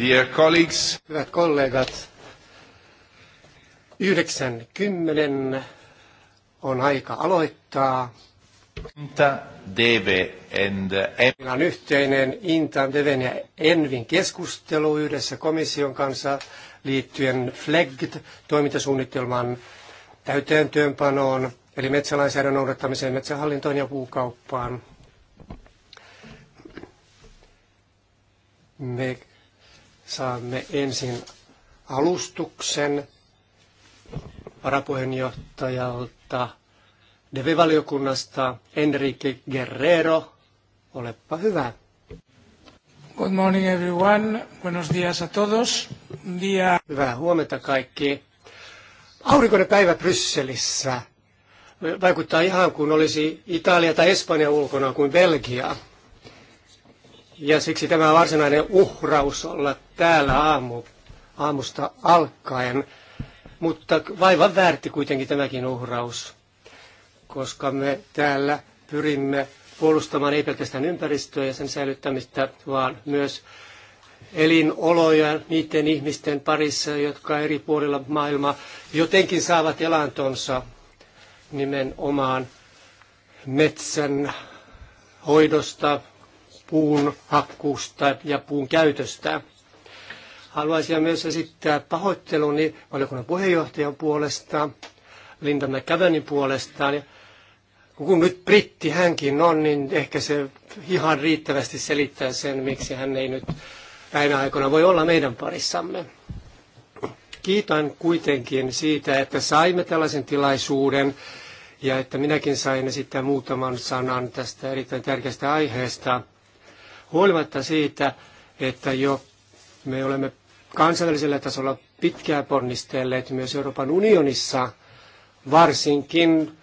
Dear colleagues. Hyvät kollegat, 9.10 on aika aloittaa. Inta, Deve and Meillä on yhteinen Inta, Deven ja Envin keskustelu yhdessä komission kanssa liittyen FLEGT-toimintasuunnitelman täytäntöönpanoon, eli metsälainsäädännön noudattamiseen, metsähallintoon ja puukauppaan. Me Saamme ensin alustuksen varapuheenjohtajalta DEVE-valiokunnasta Enrique Guerrero. Olepa hyvä. Good morning everyone. Buenos días a todos. Dia... Hyvää huomenta kaikki. Aurinkoinen päivä Brysselissä. Vaikuttaa ihan kuin olisi Italia tai Espanja ulkona kuin Belgia. Ja siksi tämä varsinainen uhraus olla täällä aamu, aamusta alkaen. Mutta vaivan väärti kuitenkin tämäkin uhraus, koska me täällä pyrimme puolustamaan ei pelkästään ympäristöä ja sen säilyttämistä, vaan myös elinoloja niiden ihmisten parissa, jotka eri puolilla maailmaa jotenkin saavat elantonsa nimenomaan metsän hoidosta, puun hakkuusta ja puun käytöstä. Haluaisin myös esittää pahoitteluni valiokunnan puheenjohtajan puolesta, Linda McCavenin puolestaan. Kun nyt britti hänkin on, niin ehkä se ihan riittävästi selittää sen, miksi hän ei nyt päivän aikana voi olla meidän parissamme. Kiitän kuitenkin siitä, että saimme tällaisen tilaisuuden ja että minäkin sain esittää muutaman sanan tästä erittäin tärkeästä aiheesta – Huolimatta siitä, että jo me olemme kansainvälisellä tasolla pitkään ponnistelleet myös Euroopan unionissa, varsinkin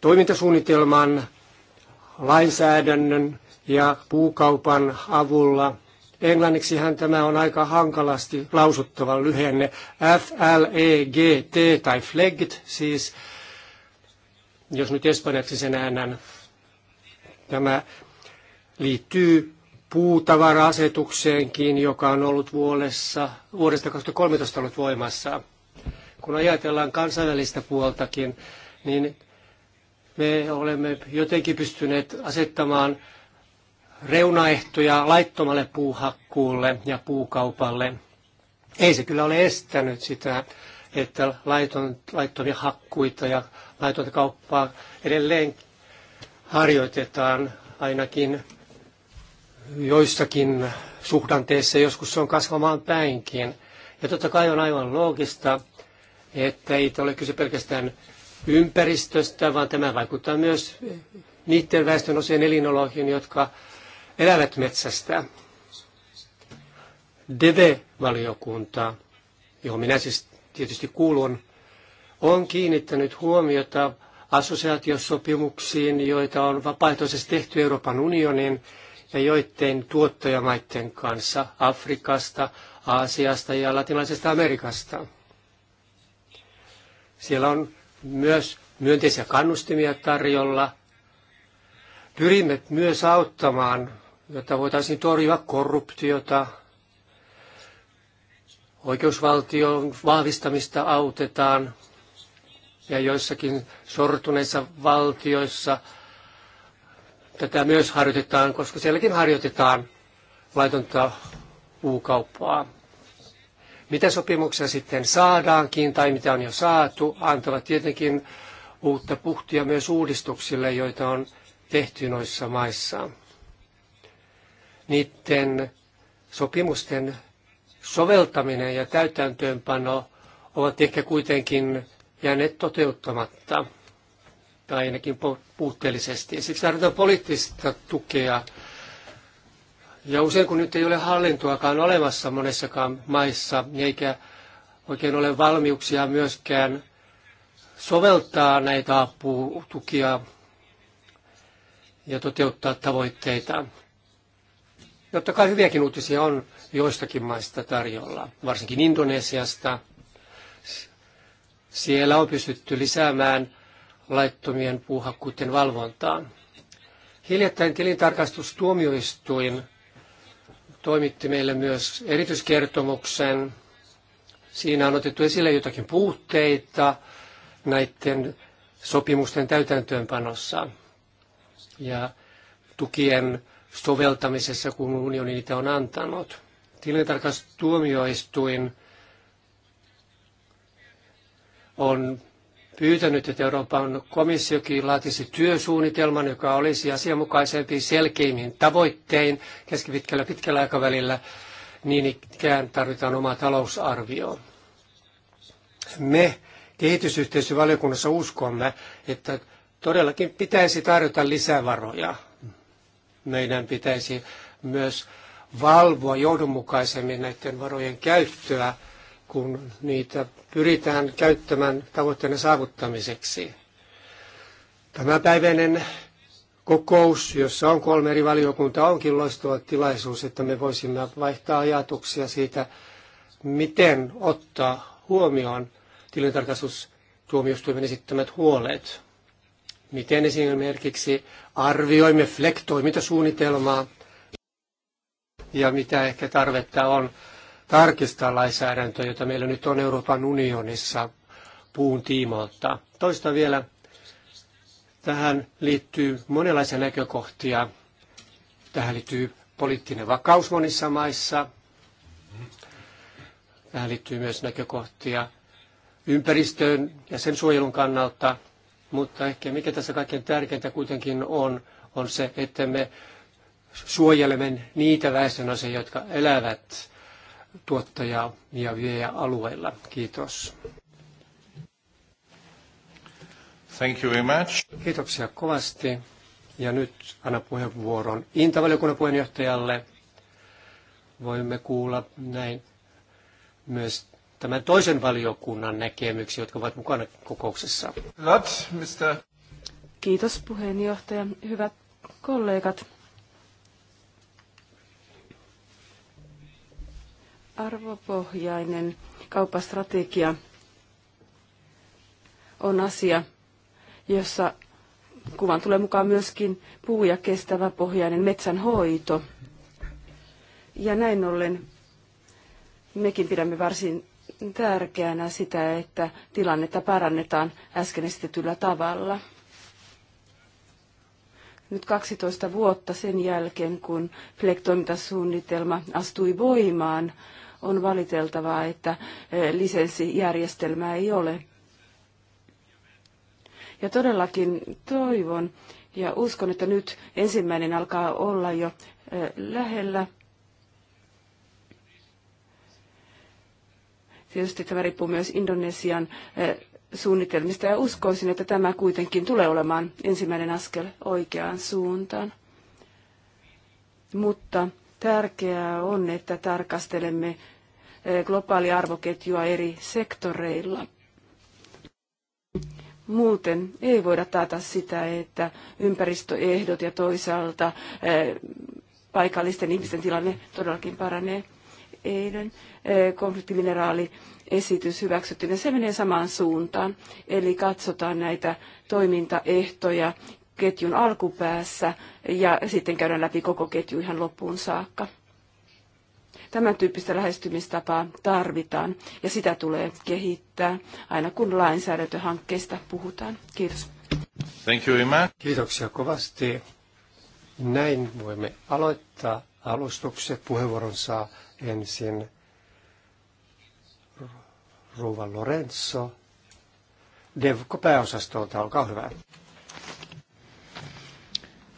toimintasuunnitelman, lainsäädännön ja puukaupan avulla. Englanniksihan tämä on aika hankalasti lausuttava lyhenne FLEGT tai FLEGT siis, jos nyt espanjaksi sen äännän. Tämä liittyy puutavara-asetukseenkin, joka on ollut vuodessa, vuodesta 2013 ollut voimassa. Kun ajatellaan kansainvälistä puoltakin, niin me olemme jotenkin pystyneet asettamaan reunaehtoja laittomalle puuhakkuulle ja puukaupalle. Ei se kyllä ole estänyt sitä, että laiton, laittomia hakkuita ja laitonta kauppaa edelleen harjoitetaan ainakin joissakin suhdanteissa, joskus se on kasvamaan päinkin. Ja totta kai on aivan loogista, että ei ole kyse pelkästään ympäristöstä, vaan tämä vaikuttaa myös niiden väestön osien elinoloihin, jotka elävät metsästä. DEVE-valiokunta, johon minä siis tietysti kuulun, on kiinnittänyt huomiota assosiaatiosopimuksiin, joita on vapaaehtoisesti tehty Euroopan unionin ja joiden tuottajamaiden kanssa Afrikasta, Aasiasta ja Latinalaisesta Amerikasta. Siellä on myös myönteisiä kannustimia tarjolla. Pyrimme myös auttamaan, jotta voitaisiin torjua korruptiota, oikeusvaltion vahvistamista autetaan ja joissakin sortuneissa valtioissa – Tätä myös harjoitetaan, koska sielläkin harjoitetaan laitonta puukauppaa. Mitä sopimuksia sitten saadaankin tai mitä on jo saatu, antavat tietenkin uutta puhtia myös uudistuksille, joita on tehty noissa maissa. Niiden sopimusten soveltaminen ja täytäntöönpano ovat ehkä kuitenkin jääneet toteuttamatta tai ainakin puutteellisesti. Siksi tarvitaan poliittista tukea. Ja usein kun nyt ei ole hallintoakaan olemassa monessakaan maissa, eikä oikein ole valmiuksia myöskään soveltaa näitä apu-tukia ja toteuttaa tavoitteita. Totta kai hyviäkin uutisia on joistakin maista tarjolla, varsinkin Indonesiasta. Siellä on pystytty lisäämään laittomien puuhakkuiden valvontaan. Hiljattain tilintarkastustuomioistuin toimitti meille myös erityiskertomuksen. Siinä on otettu esille jotakin puutteita näiden sopimusten täytäntöönpanossa ja tukien soveltamisessa, kun unioni niitä on antanut. Tilintarkastustuomioistuin on pyytänyt, että Euroopan komissiokin laatisi työsuunnitelman, joka olisi asianmukaisempi selkeimmin tavoittein keskipitkällä pitkällä aikavälillä, niin ikään tarvitaan oma talousarvio. Me kehitysyhteisövaliokunnassa uskomme, että todellakin pitäisi tarjota lisävaroja. Meidän pitäisi myös valvoa johdonmukaisemmin näiden varojen käyttöä kun niitä pyritään käyttämään tavoitteiden saavuttamiseksi. Tämä päiväinen kokous, jossa on kolme eri valiokuntaa, onkin loistava tilaisuus, että me voisimme vaihtaa ajatuksia siitä, miten ottaa huomioon tilintarkastustuomioistuimen esittämät huolet. Miten esimerkiksi arvioimme flektoimintasuunnitelmaa ja mitä ehkä tarvetta on tarkistaa lainsäädäntöä, jota meillä nyt on Euroopan unionissa puun tiimoilta. Toista vielä, tähän liittyy monenlaisia näkökohtia. Tähän liittyy poliittinen vakaus monissa maissa. Tähän liittyy myös näkökohtia ympäristöön ja sen suojelun kannalta. Mutta ehkä mikä tässä kaikkein tärkeintä kuitenkin on, on se, että me suojelemme niitä väestönosia, jotka elävät tuottaja ja viejä alueilla. Kiitos. Thank you very much. Kiitoksia kovasti. Ja nyt anna puheenvuoron Intavaliokunnan puheenjohtajalle. Voimme kuulla näin myös tämän toisen valiokunnan näkemyksiä, jotka ovat mukana kokouksessa. Kiitos puheenjohtaja. Hyvät kollegat. Arvopohjainen kauppastrategia on asia, jossa kuvan tulee mukaan myöskin puu- ja kestävä pohjainen metsänhoito. Ja näin ollen mekin pidämme varsin tärkeänä sitä, että tilannetta parannetaan äsken esitetyllä tavalla nyt 12 vuotta sen jälkeen, kun flektoimintasuunnitelma astui voimaan, on valiteltavaa, että eh, lisenssijärjestelmää ei ole. Ja todellakin toivon ja uskon, että nyt ensimmäinen alkaa olla jo eh, lähellä. Tietysti tämä riippuu myös Indonesian eh, suunnitelmista ja uskoisin, että tämä kuitenkin tulee olemaan ensimmäinen askel oikeaan suuntaan. Mutta tärkeää on, että tarkastelemme eh, globaalia arvoketjua eri sektoreilla. Muuten ei voida taata sitä, että ympäristöehdot ja toisaalta eh, paikallisten ihmisten tilanne todellakin paranee. Eilen eh, konfliktimineraali esitys hyväksyttiin ja se menee samaan suuntaan. Eli katsotaan näitä toimintaehtoja ketjun alkupäässä ja sitten käydään läpi koko ketju ihan loppuun saakka. Tämän tyyppistä lähestymistapaa tarvitaan ja sitä tulee kehittää aina kun lainsäädäntöhankkeista puhutaan. Kiitos. Thank you, Ima. Kiitoksia kovasti. Näin voimme aloittaa alustukset. Puheenvuoron saa ensin Rouva Lorenzo. Devko pääosastolta, olkaa hyvä.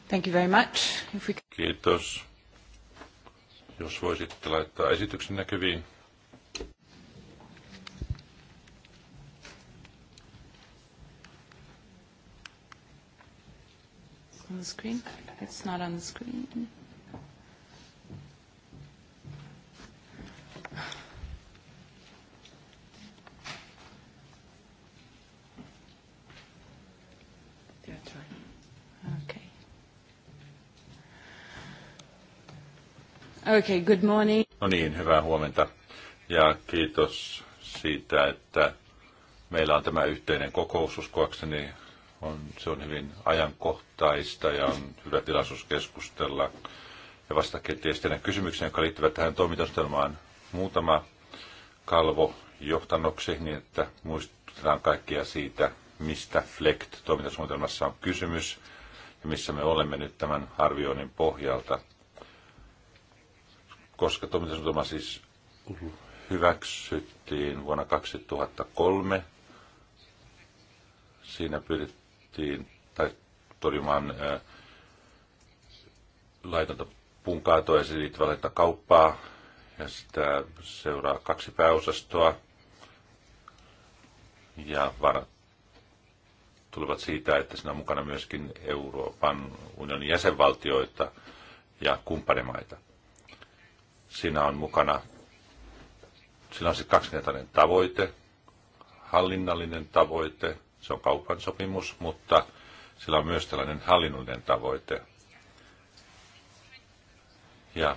Thank you very much. If we... Kiitos. Jos voisitte laittaa esityksen näkyviin. On the screen? It's not on the screen. Okay, good morning. No niin, hyvää huomenta. Ja kiitos siitä, että meillä on tämä yhteinen kokous, uskoakseni on, se on hyvin ajankohtaista ja on hyvä tilaisuus keskustella ja vastakin tietysti näin kysymyksiin, jotka liittyvät tähän toimintastelmaan. Muutama kalvo johtannoksi, niin että muistutetaan kaikkia siitä, mistä FLECT toimintasuunnitelmassa on kysymys ja missä me olemme nyt tämän arvioinnin pohjalta – koska toimintasuunnitelma siis hyväksyttiin vuonna 2003. Siinä pyrittiin tai torjumaan laitonta punkaatoa ja liittyvää kauppaa. Ja sitä seuraa kaksi pääosastoa. Ja varat tulevat siitä, että siinä on mukana myöskin Euroopan unionin jäsenvaltioita ja kumppanimaita. Siinä on mukana, sillä on se siis kaksinkertainen tavoite, hallinnallinen tavoite, se on kaupan sopimus, mutta sillä on myös tällainen hallinnollinen tavoite. Ja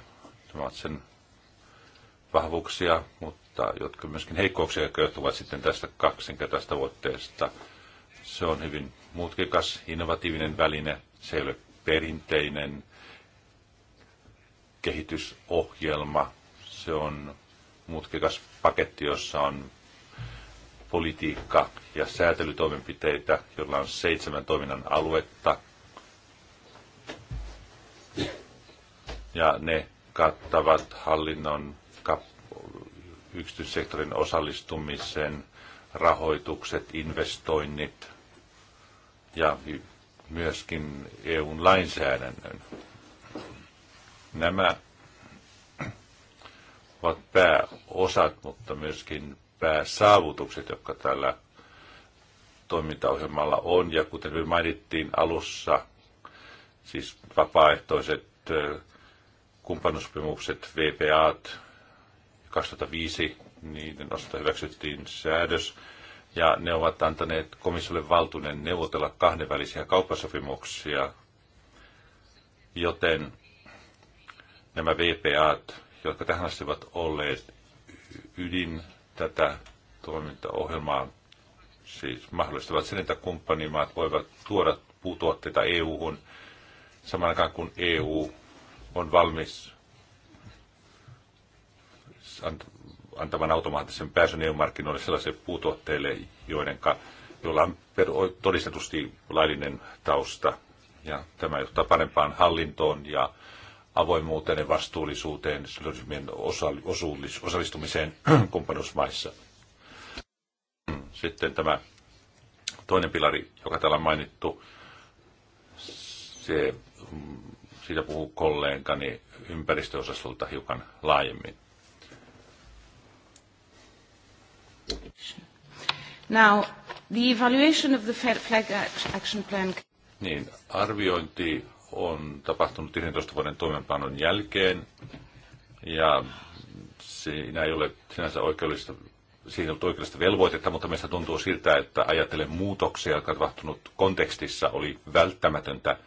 nämä ovat sen vahvuuksia, mutta jotka myöskin heikkouksia, jotka johtuvat sitten tästä kaksinkertaisesta tavoitteesta. Se on hyvin mutkikas, innovatiivinen väline, se ei ole perinteinen kehitysohjelma. Se on mutkikas paketti, jossa on politiikka- ja säätelytoimenpiteitä, jolla on seitsemän toiminnan aluetta. Ja ne kattavat hallinnon, yksityissektorin osallistumisen, rahoitukset, investoinnit ja myöskin EUn lainsäädännön. Nämä ovat pääosat, mutta myöskin pääsaavutukset, jotka tällä toimintaohjelmalla on. Ja kuten me mainittiin alussa, siis vapaaehtoiset kumppanussopimukset, VPAt 2005, niiden osalta hyväksyttiin säädös, ja ne ovat antaneet komissiolle valtuuden neuvotella kahdenvälisiä kauppasopimuksia, joten nämä VPAt, jotka tähän asti ovat olleet ydin tätä toimintaohjelmaa, siis mahdollistavat sen, että kumppanimaat voivat tuoda puutuotteita EU-hun samaan aikaan kun EU on valmis antamaan automaattisen pääsyn EU-markkinoille sellaisille puutuotteille, joidenka, joilla on todistetusti laillinen tausta. Ja tämä johtaa parempaan hallintoon ja avoimuuteen ja vastuullisuuteen, sosialismin osallistumiseen kumppanuusmaissa. Sitten tämä toinen pilari, joka täällä on mainittu, se, siitä puhuu kollegani ympäristöosastolta hiukan laajemmin. Now, the evaluation of the Flag Action Plan... Niin, arviointi on tapahtunut 11 vuoden toimenpanon jälkeen. Ja siinä ei ole sinänsä oikeudellista, siinä ei ollut oikeudellista velvoitetta, mutta meistä tuntuu siltä, että ajatellen muutoksia, jotka tapahtunut kontekstissa, oli välttämätöntä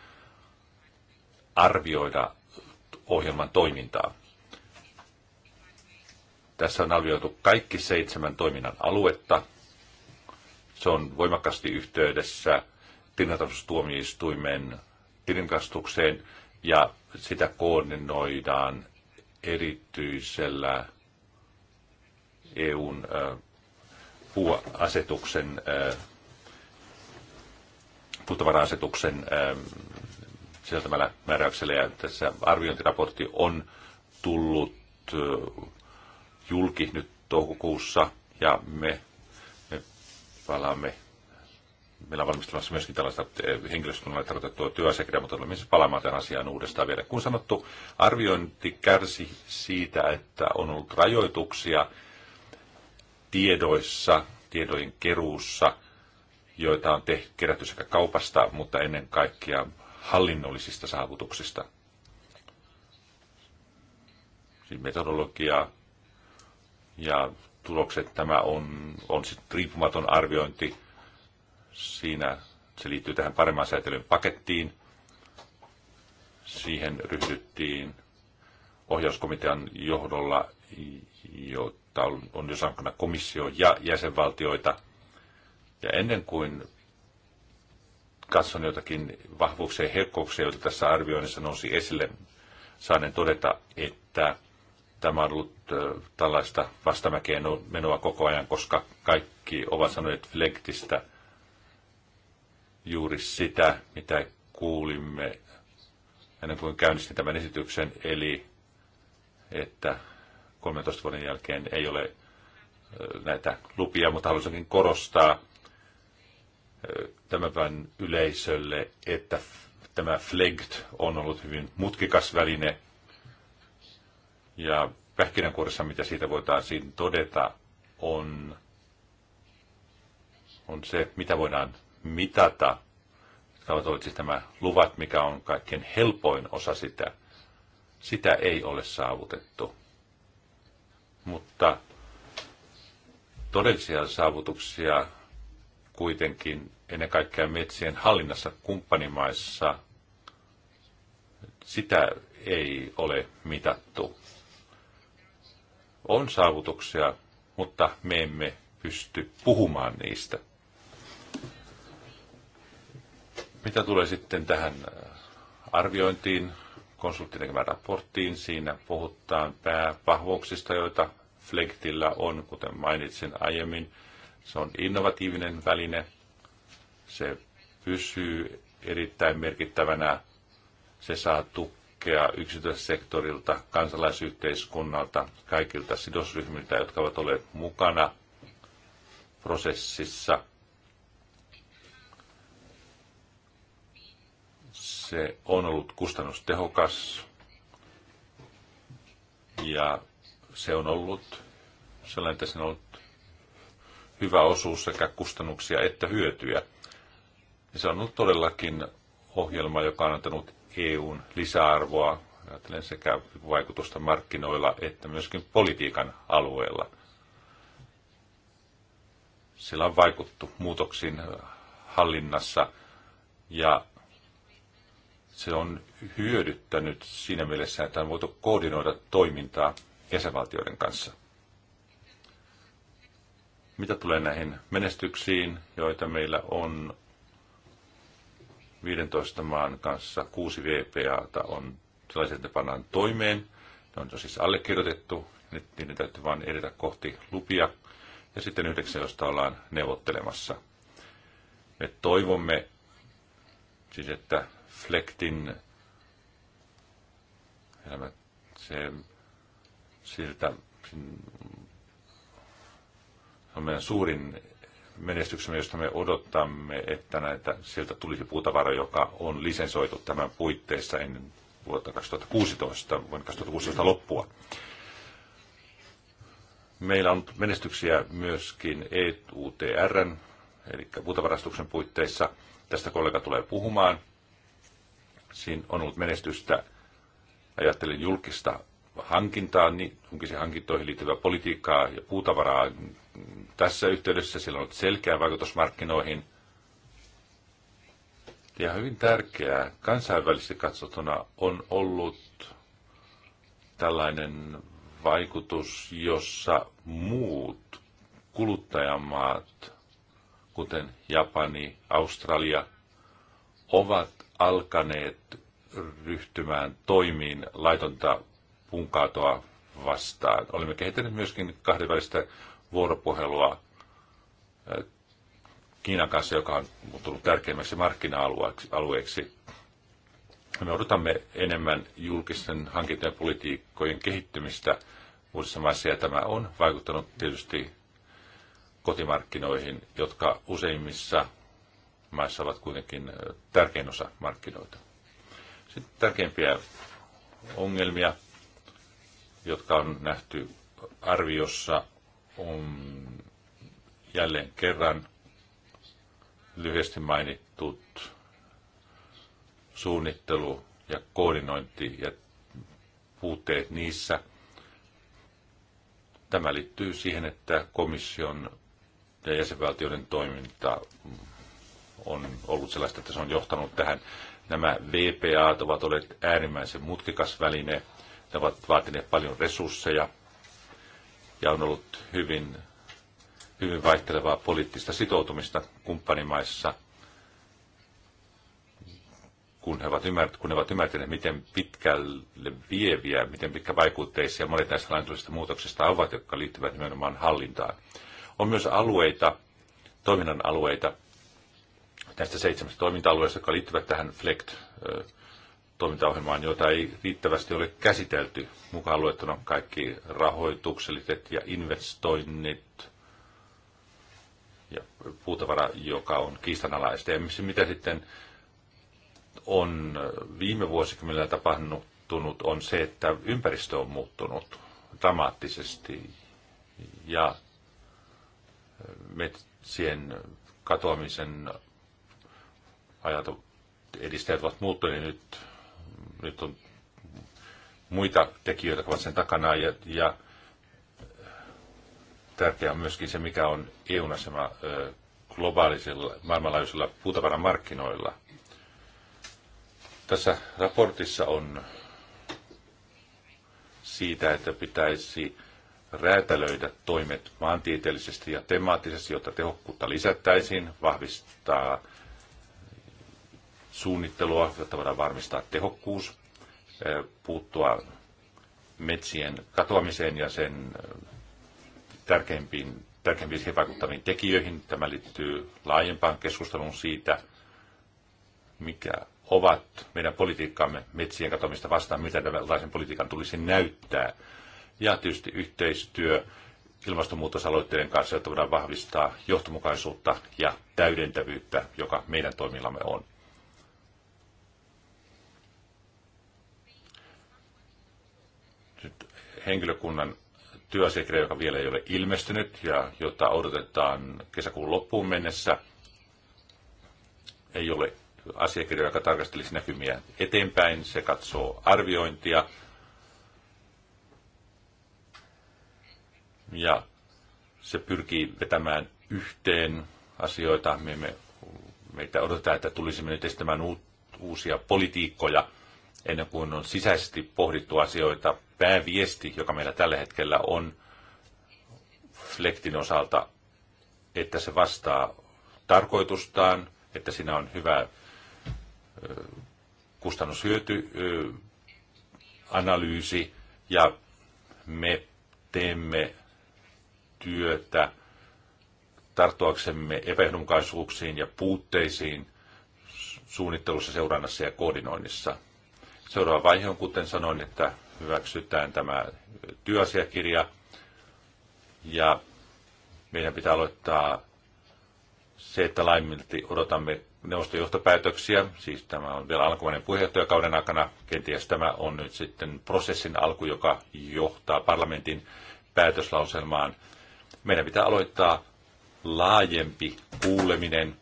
arvioida ohjelman toimintaa. Tässä on arvioitu kaikki seitsemän toiminnan aluetta. Se on voimakkaasti yhteydessä tilintarkastustuomioistuimen tilinkastukseen ja sitä koordinoidaan erityisellä EUn puuasetuksen, puutavara-asetuksen sisältämällä määräyksellä. Ja tässä arviointiraportti on tullut julki nyt toukokuussa ja me, me palaamme meillä on valmistelussa myöskin tällaista eh, henkilöskunnalle tarkoitettua työasiakirjaa, mutta olemme siis palaamaan tämän asiaan uudestaan vielä. Kun sanottu, arviointi kärsi siitä, että on ollut rajoituksia tiedoissa, tiedojen keruussa, joita on tehty, kerätty sekä kaupasta, mutta ennen kaikkea hallinnollisista saavutuksista. Siis metodologia ja tulokset, tämä on, on sitten riippumaton arviointi, Siinä se liittyy tähän paremman säätelyn pakettiin. Siihen ryhdyttiin ohjauskomitean johdolla, jota on jo sankana komissio ja jäsenvaltioita. Ja ennen kuin katson jotakin vahvuuksia ja heikkouksia, joita tässä arvioinnissa nousi esille, saanen todeta, että tämä on ollut tällaista vastamäkeen menoa koko ajan, koska kaikki ovat sanoneet Flektistä juuri sitä, mitä kuulimme ennen kuin käynnistin tämän esityksen, eli että 13 vuoden jälkeen ei ole näitä lupia, mutta haluaisinkin korostaa tämän päivän yleisölle, että tämä FLEGT on ollut hyvin mutkikas väline. Ja pähkinänkuoressa, mitä siitä voitaisiin todeta, on, on se, mitä voidaan mitata, jotka ovat siis nämä luvat, mikä on kaikkein helpoin osa sitä, sitä ei ole saavutettu. Mutta todellisia saavutuksia kuitenkin ennen kaikkea metsien hallinnassa kumppanimaissa, sitä ei ole mitattu. On saavutuksia, mutta me emme pysty puhumaan niistä. Mitä tulee sitten tähän äh, arviointiin, konsultin tekemään raporttiin, siinä puhutaan päävahvuuksista, joita Flektillä on, kuten mainitsin aiemmin. Se on innovatiivinen väline, se pysyy erittäin merkittävänä, se saa tukea yksityissektorilta, kansalaisyhteiskunnalta, kaikilta sidosryhmiltä, jotka ovat olleet mukana prosessissa – Se on ollut kustannustehokas ja se on ollut sellainen, että se on ollut hyvä osuus sekä kustannuksia että hyötyjä. Ja se on ollut todellakin ohjelma, joka on antanut EUn lisäarvoa, ajatellen sekä vaikutusta markkinoilla että myöskin politiikan alueella. Sillä on vaikuttu muutoksiin hallinnassa ja se on hyödyttänyt siinä mielessä, että on voitu koordinoida toimintaa jäsenvaltioiden kanssa. Mitä tulee näihin menestyksiin, joita meillä on 15 maan kanssa, kuusi VPAta on sellaisia, että ne pannaan toimeen. Ne on siis allekirjoitettu, nyt niiden täytyy vain edetä kohti lupia. Ja sitten yhdeksän, josta ollaan neuvottelemassa. Me toivomme, siis että Flektin elämä, se siltä on meidän suurin menestyksemme, josta me odottamme, että näitä, sieltä tulisi puutavara, joka on lisensoitu tämän puitteissa ennen vuotta 2016, vuoden 2016 loppua. Meillä on menestyksiä myöskin EUTRn, eli puutavarastuksen puitteissa. Tästä kollega tulee puhumaan. Siinä on ollut menestystä. Ajattelen julkista hankintaa, niin julkisiin hankintoihin liittyvää politiikkaa ja puutavaraa tässä yhteydessä. Sillä on ollut selkeä vaikutus markkinoihin. Ja hyvin tärkeää kansainvälisesti katsottuna on ollut tällainen vaikutus, jossa muut kuluttajamaat, kuten Japani, Australia, ovat alkaneet ryhtymään toimiin laitonta punkaatoa vastaan. Olemme kehittäneet myöskin kahdenvälistä vuoropuhelua Kiinan kanssa, joka on muuttunut tärkeimmäksi markkina-alueeksi. Me odotamme enemmän julkisten hankintojen politiikkojen kehittymistä uusissa maissa, ja tämä on vaikuttanut tietysti kotimarkkinoihin, jotka useimmissa maissa ovat kuitenkin tärkein osa markkinoita. Sitten tärkeimpiä ongelmia, jotka on nähty arviossa, on jälleen kerran lyhyesti mainittut suunnittelu ja koordinointi ja puutteet niissä. Tämä liittyy siihen, että komission ja jäsenvaltioiden toiminta on ollut sellaista, että se on johtanut tähän. Nämä VPA ovat olleet äärimmäisen mutkikas väline, ne ovat vaatineet paljon resursseja ja on ollut hyvin, hyvin vaihtelevaa poliittista sitoutumista kumppanimaissa, kun he ovat, ymmärtäneet, kun he ovat ymmärtäneet, miten pitkälle vieviä, miten vaikutteisia monet näistä lainsäädännöllisistä muutoksista ovat, jotka liittyvät nimenomaan hallintaan. On myös alueita, toiminnan alueita, näistä seitsemästä toiminta-alueesta, jotka liittyvät tähän FLECT toimintaohjelmaan, jota ei riittävästi ole käsitelty. Mukaan luettuna kaikki rahoitukselliset ja investoinnit ja puutavara, joka on kiistanalaista. Ja mitä sitten on viime vuosikymmenellä tapahtunut, on se, että ympäristö on muuttunut dramaattisesti ja metsien katoamisen ajat edistäjät ovat muuttuneet, niin nyt, nyt on muita tekijöitä, jotka ovat sen takana. Ja, ja tärkeää on myöskin se, mikä on EUn asema globaalisilla, maailmanlaajuisilla puutavaramarkkinoilla. Tässä raportissa on siitä, että pitäisi räätälöidä toimet maantieteellisesti ja temaattisesti, jotta tehokkuutta lisättäisiin, vahvistaa suunnittelua, jotta voidaan varmistaa tehokkuus, eh, puuttua metsien katoamiseen ja sen eh, tärkeimpiin, tärkeimpiin siihen vaikuttaviin tekijöihin. Tämä liittyy laajempaan keskusteluun siitä, mikä ovat meidän politiikkaamme metsien katoamista vastaan, mitä tällaisen politiikan tulisi näyttää. Ja tietysti yhteistyö ilmastonmuutosaloitteiden kanssa, jotta voidaan vahvistaa johtomukaisuutta ja täydentävyyttä, joka meidän toimillamme on. henkilökunnan työasiakirja, joka vielä ei ole ilmestynyt ja jota odotetaan kesäkuun loppuun mennessä. Ei ole asiakirja, joka tarkastelisi näkymiä eteenpäin. Se katsoo arviointia. Ja se pyrkii vetämään yhteen asioita. Me, me, meitä odotetaan, että tulisimme nyt estämään uut, uusia politiikkoja – ennen kuin on sisäisesti pohdittu asioita. Pääviesti, joka meillä tällä hetkellä on Flektin osalta, että se vastaa tarkoitustaan, että siinä on hyvä kustannushyötyanalyysi analyysi ja me teemme työtä tarttuaksemme epäjohdonmukaisuuksiin ja puutteisiin suunnittelussa, seurannassa ja koordinoinnissa. Seuraava vaihe on, kuten sanoin, että hyväksytään tämä työasiakirja ja meidän pitää aloittaa se, että laimilti odotamme neuvostojohtopäätöksiä. siis tämä on vielä alkuvainen puheenjohtajakauden aikana, kenties tämä on nyt sitten prosessin alku, joka johtaa parlamentin päätöslauselmaan. Meidän pitää aloittaa laajempi kuuleminen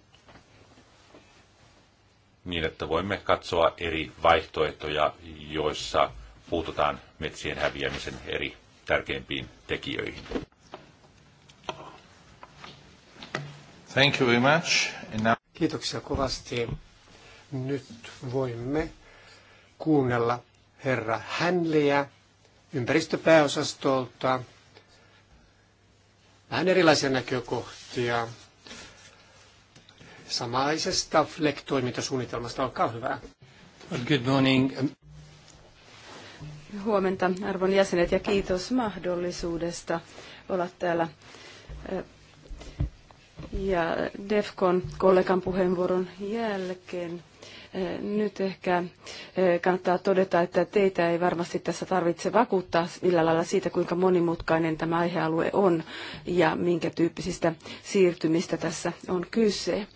niin, että voimme katsoa eri vaihtoehtoja, joissa puututaan metsien häviämisen eri tärkeimpiin tekijöihin. Thank you very much. Now... Kiitoksia kovasti. Nyt voimme kuunnella herra Hänliä ympäristöpääosastolta. Vähän erilaisia näkökohtia samaisesta flektoimintasuunnitelmasta. Olkaa hyvä. Good morning. Huomenta arvon jäsenet ja kiitos mahdollisuudesta olla täällä. Ja DEFCON kollegan puheenvuoron jälkeen nyt ehkä eh, kannattaa todeta, että teitä ei varmasti tässä tarvitse vakuuttaa millään lailla siitä, kuinka monimutkainen tämä aihealue on ja minkä tyyppisistä siirtymistä tässä on kyse.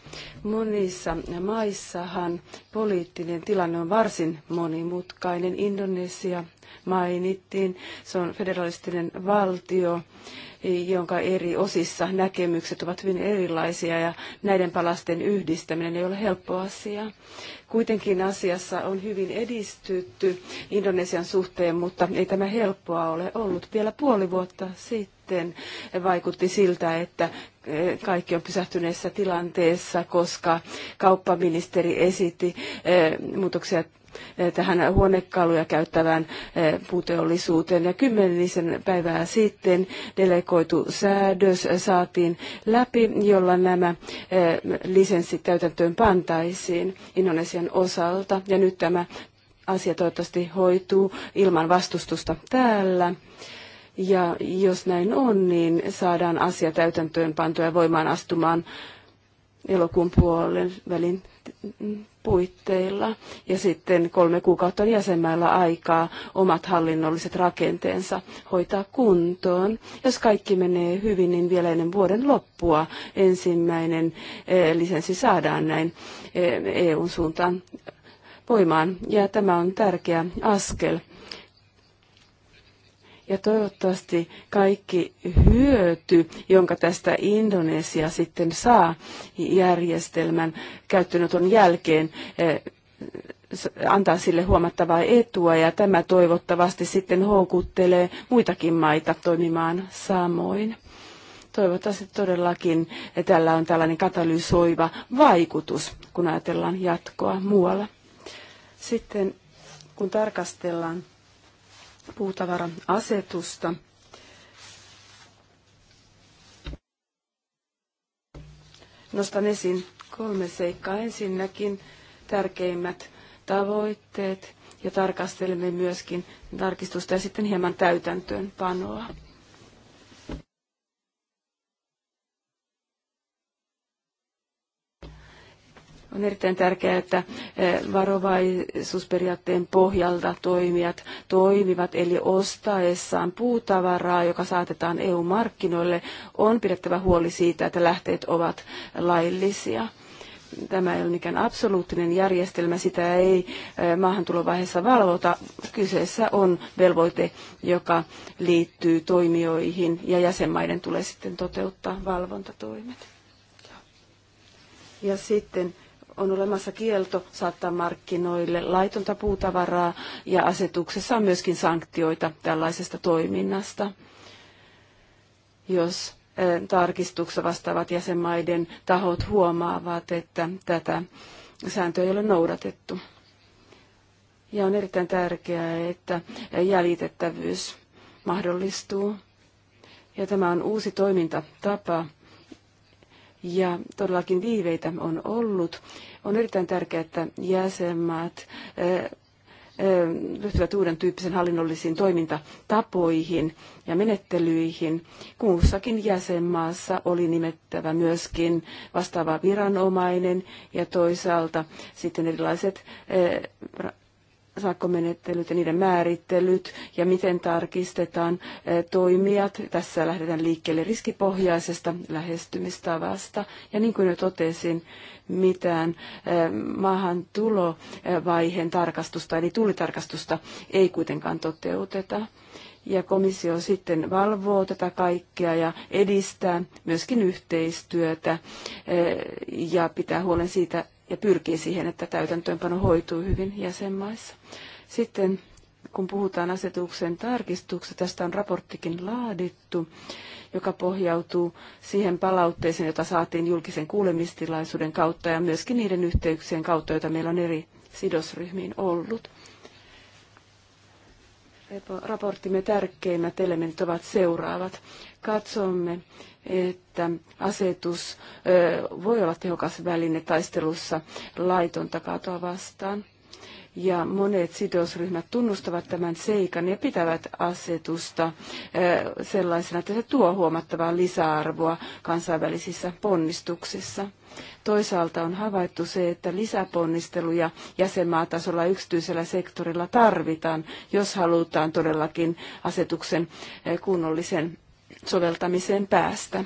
Monissa maissahan poliittinen tilanne on varsin monimutkainen. Indonesia mainittiin. Se on federalistinen valtio, jonka eri osissa näkemykset ovat hyvin erilaisia ja näiden palasten yhdistäminen ei ole helppo asia. Kuitenkin asiassa on hyvin edistytty Indonesian suhteen, mutta ei tämä helppoa ole ollut. Vielä puoli vuotta sitten vaikutti siltä, että eh, kaikki on pysähtyneessä tilanteessa, koska kauppaministeri esitti eh, muutoksia Eh, tähän huonekaluja käyttävään eh, puuteollisuuteen. Ja kymmenellisen päivää sitten delegoitu säädös saatiin läpi, jolla nämä eh, lisenssit täytäntöön pantaisiin Indonesian osalta. Ja nyt tämä asia toivottavasti hoituu ilman vastustusta täällä. Ja jos näin on, niin saadaan asia täytäntöön pantua ja voimaan astumaan elokuun puolen välin puitteilla ja sitten kolme kuukautta on jäsenmailla aikaa omat hallinnolliset rakenteensa hoitaa kuntoon. Jos kaikki menee hyvin, niin vielä ennen vuoden loppua ensimmäinen eh, lisenssi saadaan näin EUn eh, e suuntaan voimaan. Ja tämä on tärkeä askel ja toivottavasti kaikki hyöty, jonka tästä Indonesia sitten saa järjestelmän käyttöönoton jälkeen, eh, antaa sille huomattavaa etua ja tämä toivottavasti sitten houkuttelee muitakin maita toimimaan samoin. Toivottavasti todellakin eh, tällä on tällainen katalysoiva vaikutus, kun ajatellaan jatkoa muualla. Sitten kun tarkastellaan puutavara-asetusta. Nostan esiin kolme seikkaa. Ensinnäkin tärkeimmät tavoitteet ja tarkastelemme myöskin tarkistusta ja sitten hieman täytäntöönpanoa. panoa. On erittäin tärkeää, että eh, varovaisuusperiaatteen pohjalta toimijat toimivat, eli ostaessaan puutavaraa, joka saatetaan EU-markkinoille, on pidettävä huoli siitä, että lähteet ovat laillisia tämä ei ole mikään absoluuttinen järjestelmä, sitä ei eh, maahantulovaiheessa valvota. Kyseessä on velvoite, joka liittyy toimijoihin ja jäsenmaiden tulee sitten toteuttaa valvontatoimet. Ja sitten on olemassa kielto saattaa markkinoille laitonta puutavaraa ja asetuksessa on myöskin sanktioita tällaisesta toiminnasta. Jos eh, tarkistuksessa vastaavat jäsenmaiden tahot huomaavat, että tätä sääntöä ei ole noudatettu. Ja on erittäin tärkeää, että jäljitettävyys mahdollistuu. Ja tämä on uusi toimintatapa, ja todellakin viiveitä on ollut. On erittäin tärkeää, että jäsenmaat eh, eh, ryhtyvät uuden tyyppisen hallinnollisiin toimintatapoihin ja menettelyihin. Kuussakin jäsenmaassa oli nimettävä myöskin vastaava viranomainen ja toisaalta sitten erilaiset eh, sakkomenettelyt ja niiden määrittelyt ja miten tarkistetaan eh, toimijat. Tässä lähdetään liikkeelle riskipohjaisesta lähestymistavasta. Ja niin kuin jo totesin, mitään eh, maahantulovaiheen eh, tarkastusta eli tulitarkastusta ei kuitenkaan toteuteta. Ja komissio sitten valvoo tätä kaikkea ja edistää myöskin yhteistyötä ja pitää huolen siitä, ja pyrkii siihen, että täytäntöönpano hoituu hyvin jäsenmaissa. Sitten kun puhutaan asetuksen tarkistuksesta, tästä on raporttikin laadittu, joka pohjautuu siihen palautteeseen, jota saatiin julkisen kuulemistilaisuuden kautta ja myöskin niiden yhteyksien kautta, joita meillä on eri sidosryhmiin ollut. Raporttimme tärkeimmät elementit ovat seuraavat. Katsomme, että asetus voi olla tehokas väline taistelussa laitonta katoa vastaan. Ja monet sidosryhmät tunnustavat tämän seikan ja pitävät asetusta sellaisena, että se tuo huomattavaa lisäarvoa kansainvälisissä ponnistuksissa. Toisaalta on havaittu se, että lisäponnisteluja jäsenmaatasolla ja yksityisellä sektorilla tarvitaan, jos halutaan todellakin asetuksen kunnollisen soveltamiseen päästä.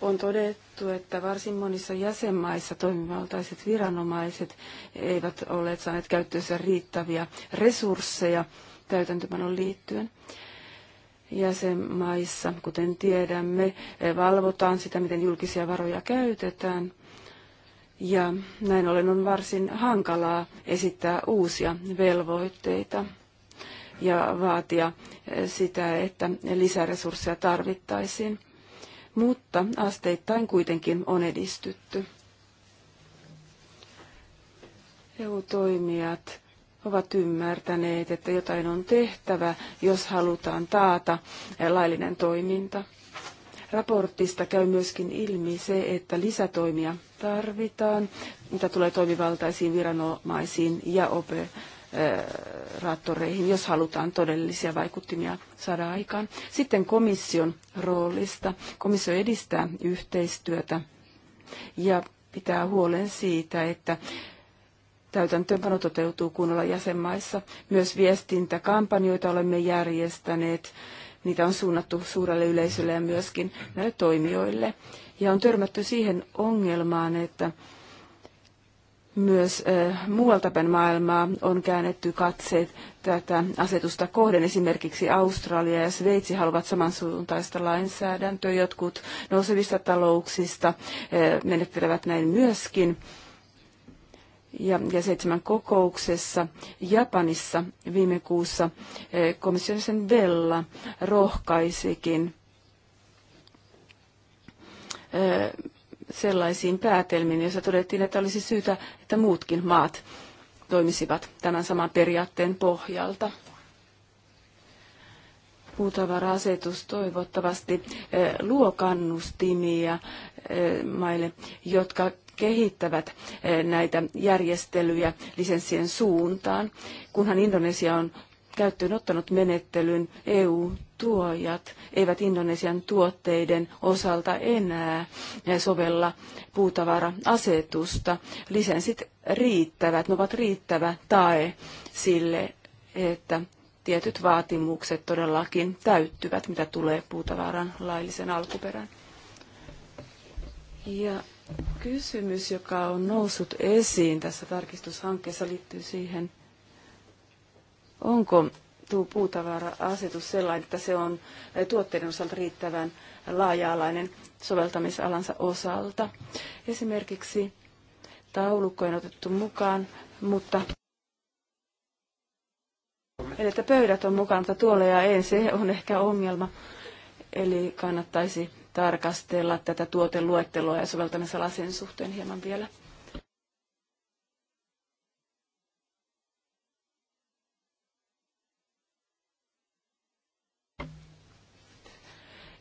On todettu, että varsin monissa jäsenmaissa toimivaltaiset viranomaiset eivät olleet saaneet käyttöönsä riittäviä resursseja täytäntöpanon liittyen jäsenmaissa, kuten tiedämme, valvotaan sitä, miten julkisia varoja käytetään. Ja näin ollen on varsin hankalaa esittää uusia velvoitteita ja vaatia eh, sitä, että lisäresursseja tarvittaisiin. Mutta asteittain kuitenkin on edistytty. EU-toimijat ovat ymmärtäneet, että jotain on tehtävä, jos halutaan taata laillinen toiminta. Raportista käy myöskin ilmi se, että lisätoimia tarvitaan, mitä tulee toimivaltaisiin viranomaisiin ja raattoreihin, jos halutaan todellisia vaikuttimia saada aikaan. Sitten komission roolista. Komissio edistää yhteistyötä ja pitää huolen siitä, että täytäntöönpano toteutuu kunnolla jäsenmaissa. Myös viestintäkampanjoita olemme järjestäneet. Niitä on suunnattu suurelle yleisölle ja myöskin näille toimijoille. Ja on törmätty siihen ongelmaan, että myös muualta päin maailmaa on käännetty katseet tätä asetusta kohden. Esimerkiksi Australia ja Sveitsi haluavat samansuuntaista lainsäädäntöä. Jotkut nousevista talouksista menettelevät näin myöskin. Ja, ja seitsemän kokouksessa Japanissa viime kuussa komissionisen Vella rohkaisikin sellaisiin päätelmiin, joissa todettiin, että olisi syytä, että muutkin maat toimisivat tämän saman periaatteen pohjalta. Puutavara-asetus toivottavasti eh, luo kannustimia eh, maille, jotka kehittävät eh, näitä järjestelyjä lisenssien suuntaan. Kunhan Indonesia on käyttöön ottanut menettelyn EU-tuojat eivät Indonesian tuotteiden osalta enää sovella puutavara-asetusta. Lisenssit riittävät, ne ovat riittävä tae sille, että tietyt vaatimukset todellakin täyttyvät, mitä tulee puutavaran laillisen alkuperän. Ja kysymys, joka on noussut esiin tässä tarkistushankkeessa, liittyy siihen, Onko tuo puutavara-asetus sellainen, että se on eh, tuotteiden osalta riittävän laaja-alainen soveltamisalansa osalta? Esimerkiksi taulukko on otettu mukaan, mutta Eli että pöydät on mukana, mutta tuoleja en, se on ehkä ongelma. Eli kannattaisi tarkastella tätä tuoteluetteloa ja soveltamisalaa sen suhteen hieman vielä.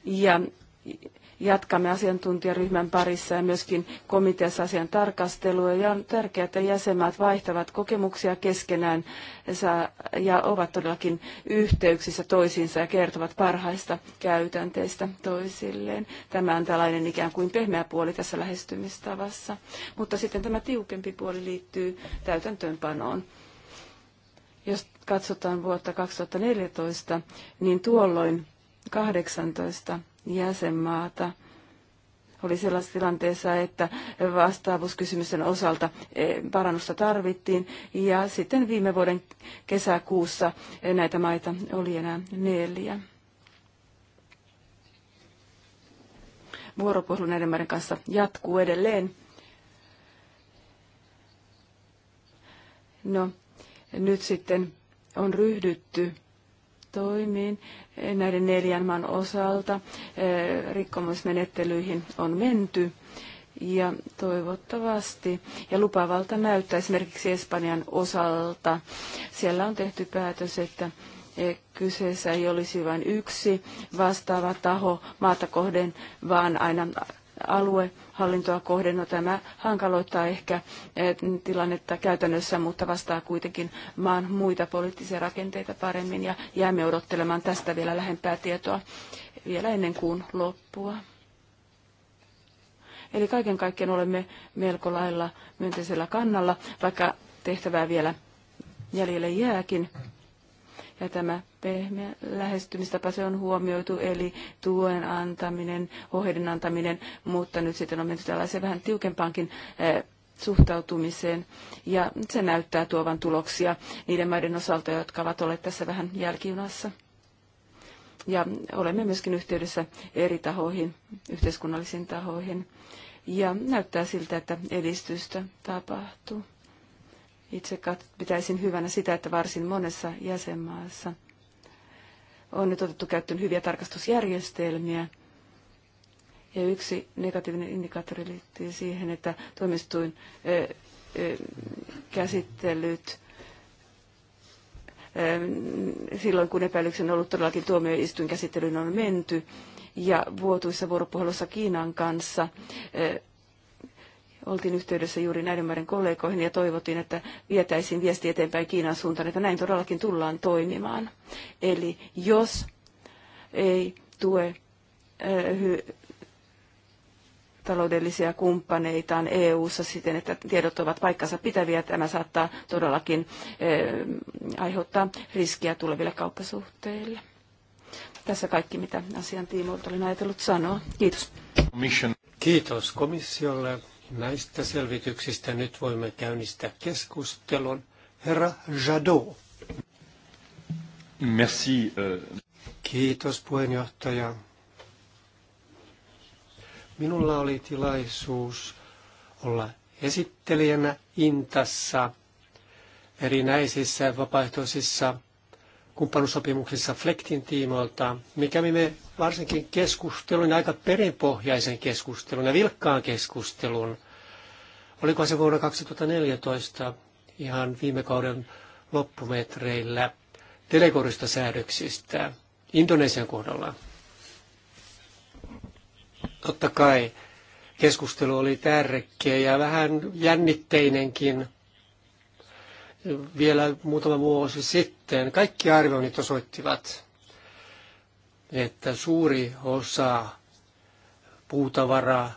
ja jatkamme asiantuntijaryhmän parissa ja myöskin komiteassa asian tarkastelua. Ja on tärkeää, että jäsenmaat vaihtavat kokemuksia keskenään ja ovat todellakin yhteyksissä toisiinsa ja kertovat parhaista käytänteistä toisilleen. Tämä on tällainen ikään kuin pehmeä puoli tässä lähestymistavassa. Mutta sitten tämä tiukempi puoli liittyy täytäntöönpanoon. Jos katsotaan vuotta 2014, niin tuolloin 18 jäsenmaata oli sellaisessa tilanteessa, että vastaavuuskysymysten osalta eh, parannusta tarvittiin. Ja sitten viime vuoden kesäkuussa eh, näitä maita oli enää neljä. Vuoropuhelu näiden maiden kanssa jatkuu edelleen. No, nyt sitten on ryhdytty toimiin näiden neljän maan osalta. Eh, rikkomusmenettelyihin on menty ja toivottavasti ja lupavalta näyttää esimerkiksi Espanjan osalta. Siellä on tehty päätös, että eh, kyseessä ei olisi vain yksi vastaava taho maata kohden, vaan aina aluehallintoa kohden. No, tämä hankaloittaa ehkä eh, tilannetta käytännössä, mutta vastaa kuitenkin maan muita poliittisia rakenteita paremmin ja jäämme odottelemaan tästä vielä lähempää tietoa vielä ennen kuin loppua. Eli kaiken kaikkiaan olemme melko lailla myönteisellä kannalla, vaikka tehtävää vielä jäljelle jääkin. Ja tämä pehmeä lähestymistapa, se on huomioitu, eli tuen antaminen, ohjeiden antaminen, mutta nyt sitten on menty tällaiseen vähän tiukempaankin eh, suhtautumiseen. Ja se näyttää tuovan tuloksia niiden maiden osalta, jotka ovat olleet tässä vähän jälkijunassa. Ja olemme myöskin yhteydessä eri tahoihin, yhteiskunnallisiin tahoihin. Ja näyttää siltä, että edistystä tapahtuu. Itse pitäisin hyvänä sitä, että varsin monessa jäsenmaassa on nyt otettu käyttöön hyviä tarkastusjärjestelmiä. Ja yksi negatiivinen indikaattori liittyy siihen, että tuomistuin käsittelyt silloin, kun epäilyksen on ollut todellakin tuomioistuinkäsittelyyn on menty. Ja vuotuissa vuoropuhelussa Kiinan kanssa oltiin yhteydessä juuri näiden maiden kollegoihin ja toivottiin, että vietäisiin viesti eteenpäin Kiinan suuntaan, että näin todellakin tullaan toimimaan. Eli jos ei tue eh, taloudellisia kumppaneitaan EU-ssa siten, että tiedot ovat paikkansa pitäviä. Tämä saattaa todellakin eh, aiheuttaa riskiä tuleville kauppasuhteille. Tässä kaikki, mitä asian tiimoilta olin ajatellut sanoa. Kiitos. Kiitos komissiolle. Näistä selvityksistä nyt voimme käynnistää keskustelun. Herra Jadot. Merci. Euh. Kiitos puheenjohtaja. Minulla oli tilaisuus olla esittelijänä Intassa erinäisissä vapaaehtoisissa kumppanuussopimuksessa Flektin tiimoilta. Me kävimme varsinkin keskustelun, aika perinpohjaisen keskustelun ja vilkkaan keskustelun. Oliko se vuonna 2014 ihan viime kauden loppumetreillä telekorista säädöksistä Indonesian kohdalla? Totta kai keskustelu oli tärkeä ja vähän jännitteinenkin – vielä muutama vuosi sitten kaikki arvioinnit osoittivat, että suuri osa puutavaraa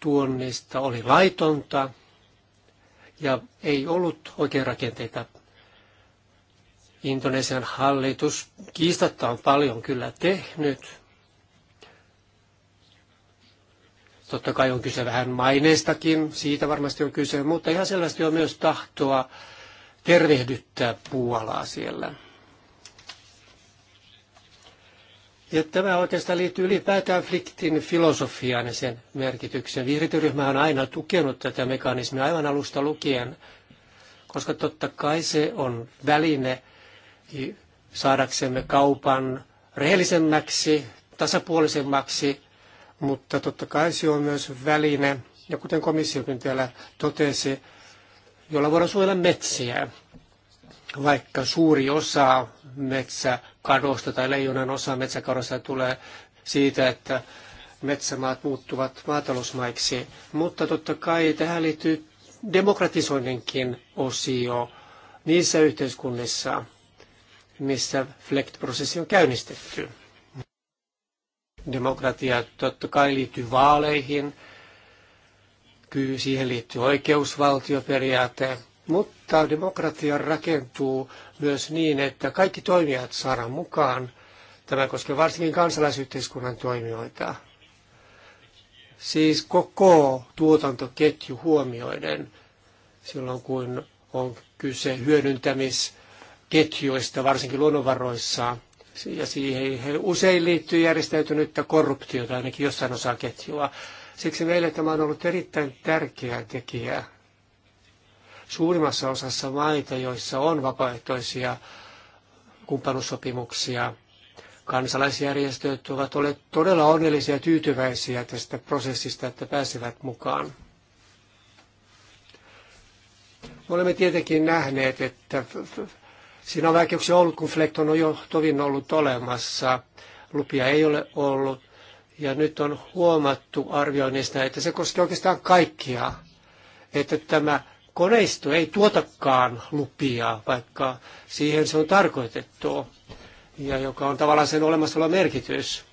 tuonnista oli laitonta ja ei ollut oikein rakenteita. Indonesian hallitus kiistatta on paljon kyllä tehnyt. Totta kai on kyse vähän maineistakin, siitä varmasti on kyse, mutta ihan selvästi on myös tahtoa tervehdyttää puolaa siellä. Ja tämä oikeastaan liittyy ylipäätään Fliktin filosofiaan ja sen merkitykseen. Vihrityryhmä on aina tukenut tätä mekanismia aivan alusta lukien, koska totta kai se on väline saadaksemme kaupan rehellisemmäksi, tasapuolisemmaksi, mutta totta kai se on myös väline. Ja kuten komissiokin täällä totesi, jolla voidaan suojella metsiä. Vaikka suuri osa metsäkadosta tai leijonan osa metsäkadosta tulee siitä, että metsämaat muuttuvat maatalousmaiksi. Mutta totta kai tähän liittyy demokratisoinninkin osio niissä yhteiskunnissa, missä FLECT-prosessi on käynnistetty. Demokratia totta kai liittyy vaaleihin, näkyy, siihen liittyy oikeusvaltioperiaate, mutta demokratia rakentuu myös niin, että kaikki toimijat saadaan mukaan. Tämä koskee varsinkin kansalaisyhteiskunnan toimijoita. Siis koko tuotantoketju huomioiden silloin, kun on kyse hyödyntämisketjuista, varsinkin luonnonvaroissa. Ja siihen usein liittyy järjestäytynyttä korruptiota ainakin jossain osaa ketjua. Siksi meille tämä on ollut erittäin tärkeä tekijä. Suurimmassa osassa maita, joissa on vapaaehtoisia kumppanussopimuksia, kansalaisjärjestöt ovat olleet todella onnellisia ja tyytyväisiä tästä prosessista, että pääsevät mukaan. Me olemme tietenkin nähneet, että siinä on vaikeuksia ollut, kun Flekton on jo tovin ollut olemassa. Lupia ei ole ollut. Ja nyt on huomattu arvioinnista, että se koskee oikeastaan kaikkia. Että tämä koneisto ei tuotakaan lupia, vaikka siihen se on tarkoitettu, ja joka on tavallaan sen olemassaolon merkitys.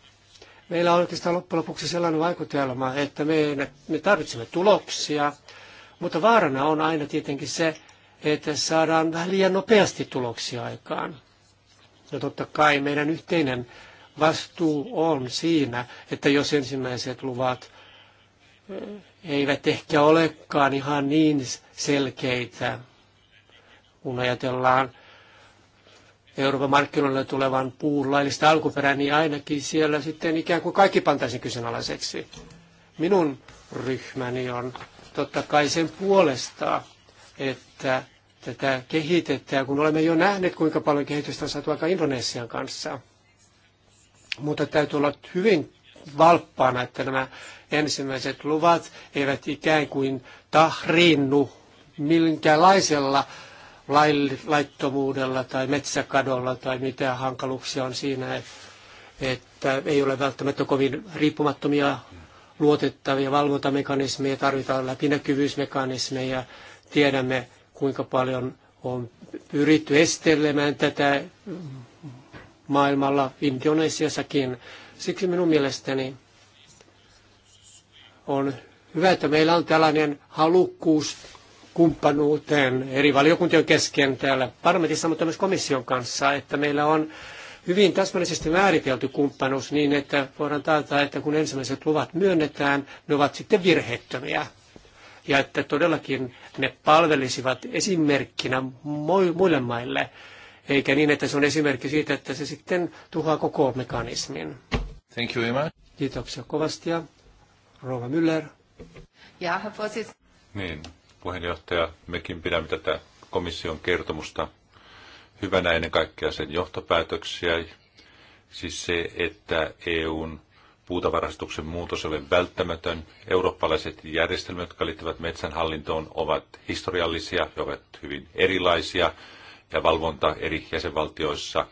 Meillä on oikeastaan loppujen lopuksi sellainen vaikutelma, että me, me tarvitsemme tuloksia, mutta vaarana on aina tietenkin se, että saadaan vähän liian nopeasti tuloksia aikaan. Ja totta kai meidän yhteinen vastuu on siinä, että jos ensimmäiset luvat eh, eivät ehkä olekaan ihan niin selkeitä, kun ajatellaan Euroopan markkinoille tulevan puun laillista alkuperää, niin ainakin siellä sitten ikään kuin kaikki pantaisiin kyseenalaiseksi. Minun ryhmäni on totta kai sen puolesta, että tätä kehitetään, kun olemme jo nähneet, kuinka paljon kehitystä on saatu aika Indonesian kanssa. Mutta täytyy olla hyvin valppaana, että nämä ensimmäiset luvat eivät ikään kuin tahriinnu minkälaisella laittomuudella tai metsäkadolla tai mitä hankaluuksia on siinä, että ei ole välttämättä kovin riippumattomia luotettavia valvontamekanismeja, tarvitaan läpinäkyvyysmekanismeja. Tiedämme, kuinka paljon on pyritty estelemään tätä maailmalla, Indonesiassakin. Siksi minun mielestäni on hyvä, että meillä on tällainen halukkuus kumppanuuteen eri valiokuntien kesken täällä parlamentissa, mutta myös komission kanssa, että meillä on hyvin täsmällisesti määritelty kumppanuus niin, että voidaan taata, että kun ensimmäiset luvat myönnetään, ne ovat sitten virheettömiä. Ja että todellakin ne palvelisivat esimerkkinä muille maille, eikä niin, että se on esimerkki siitä, että se sitten tuhoaa koko mekanismin. Thank you, Emma. Kiitoksia kovasti ja Rova Müller. Ja, niin, puheenjohtaja, mekin pidämme tätä komission kertomusta hyvänä ennen kaikkea sen johtopäätöksiä. Siis se, että EUn puutavarastuksen muutos oli välttämätön. Eurooppalaiset järjestelmät, jotka liittyvät metsänhallintoon, ovat historiallisia ja ovat hyvin erilaisia ja valvonta eri jäsenvaltioissa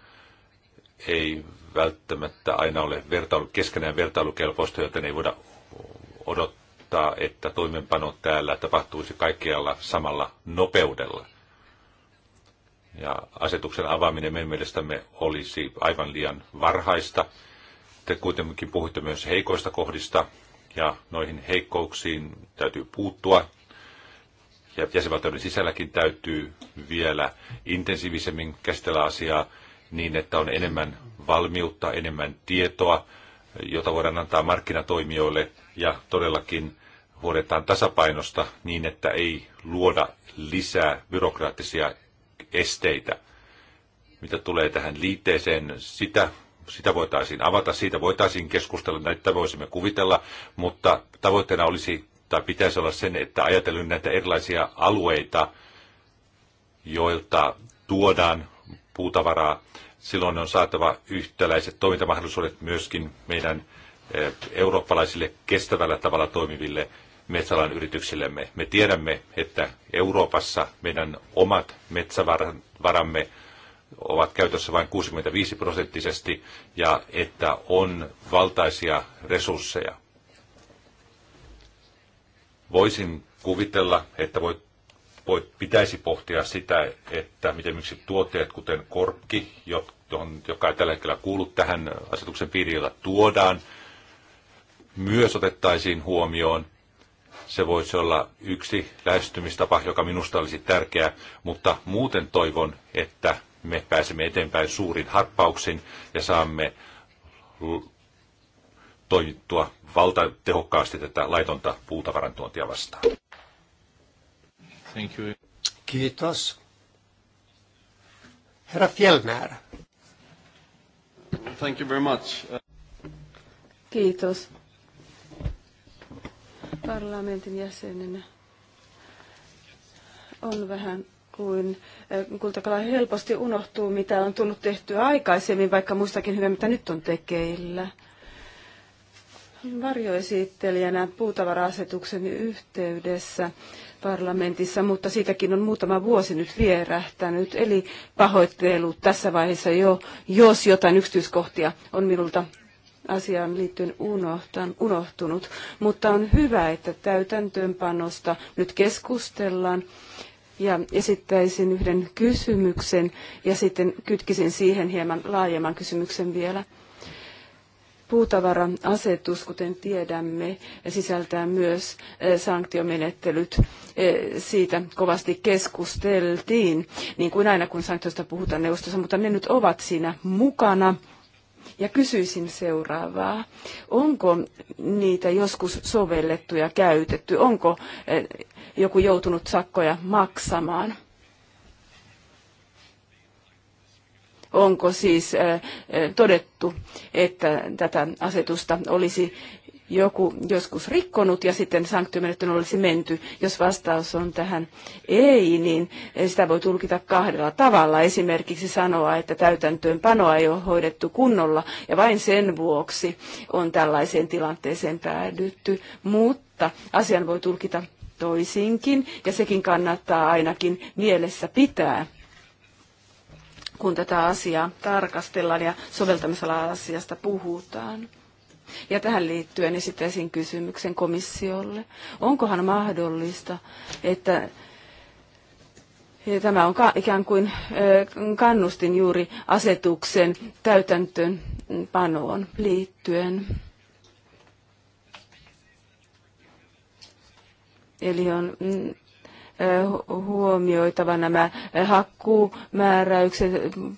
ei välttämättä aina ole vertailu, keskenään vertailukelpoista, joten ei voida odottaa, että toimenpano täällä tapahtuisi kaikkialla samalla nopeudella. Ja asetuksen avaaminen meidän mielestämme olisi aivan liian varhaista. Te kuitenkin puhuitte myös heikoista kohdista, ja noihin heikkouksiin täytyy puuttua ja jäsenvaltioiden sisälläkin täytyy vielä intensiivisemmin käsitellä asiaa niin, että on enemmän valmiutta, enemmän tietoa, jota voidaan antaa markkinatoimijoille ja todellakin huolehditaan tasapainosta niin, että ei luoda lisää byrokraattisia esteitä. Mitä tulee tähän liitteeseen, sitä, sitä voitaisiin avata, siitä voitaisiin keskustella, näitä voisimme kuvitella, mutta tavoitteena olisi tai pitäisi olla sen, että ajatellen näitä erilaisia alueita, joilta tuodaan puutavaraa, silloin on saatava yhtäläiset toimintamahdollisuudet myöskin meidän eh, eurooppalaisille kestävällä tavalla toimiville metsäalan yrityksillemme. Me tiedämme, että Euroopassa meidän omat metsävaramme ovat käytössä vain 65 prosenttisesti ja että on valtaisia resursseja. Voisin kuvitella, että voi, voi, pitäisi pohtia sitä, että miten miksi tuotteet, kuten korkki, johon, joka ei tällä hetkellä kuulu tähän asetuksen piirillä, tuodaan, myös otettaisiin huomioon. Se voisi olla yksi lähestymistapa, joka minusta olisi tärkeä, mutta muuten toivon, että me pääsemme eteenpäin suurin harppauksin ja saamme toimittua valta tehokkaasti tätä laitonta puutavarantuontia vastaan. Thank you. Kiitos. Herra Fjellnär. Thank you very much. Kiitos. Parlamentin jäsenenä on vähän kuin eh, kultakala helposti unohtuu, mitä on tullut tehtyä aikaisemmin, vaikka muistakin hyvää, mitä nyt on tekeillä varjoesittelijänä puutavara-asetuksen yhteydessä parlamentissa, mutta siitäkin on muutama vuosi nyt vierähtänyt. Eli pahoittelut tässä vaiheessa jo, jos jotain yksityiskohtia on minulta asiaan liittyen unohtan, unohtunut. Mutta on hyvä, että täytäntöönpanosta nyt keskustellaan. Ja esittäisin yhden kysymyksen ja sitten kytkisin siihen hieman laajemman kysymyksen vielä Puutavara-asetus, kuten tiedämme, sisältää myös eh, sanktiomenettelyt. Eh, siitä kovasti keskusteltiin, niin kuin aina kun sanktioista puhutaan neuvostossa, mutta ne nyt ovat siinä mukana. Ja kysyisin seuraavaa. Onko niitä joskus sovellettu ja käytetty? Onko eh, joku joutunut sakkoja maksamaan? Onko siis äh, äh, todettu, että tätä asetusta olisi joku joskus rikkonut ja sitten sanktiomenettelyyn olisi menty. Jos vastaus on tähän ei, niin sitä voi tulkita kahdella tavalla. Esimerkiksi sanoa, että täytäntöönpanoa ei ole hoidettu kunnolla ja vain sen vuoksi on tällaiseen tilanteeseen päädytty. Mutta asian voi tulkita toisinkin ja sekin kannattaa ainakin mielessä pitää kun tätä asiaa tarkastellaan ja soveltamisala-asiasta puhutaan. Ja tähän liittyen esittäisin kysymyksen komissiolle. Onkohan mahdollista, että tämä on ikään kuin kannustin juuri asetuksen täytäntöönpanoon liittyen? Eli on mm, huomioitava nämä hakkuumääräykset,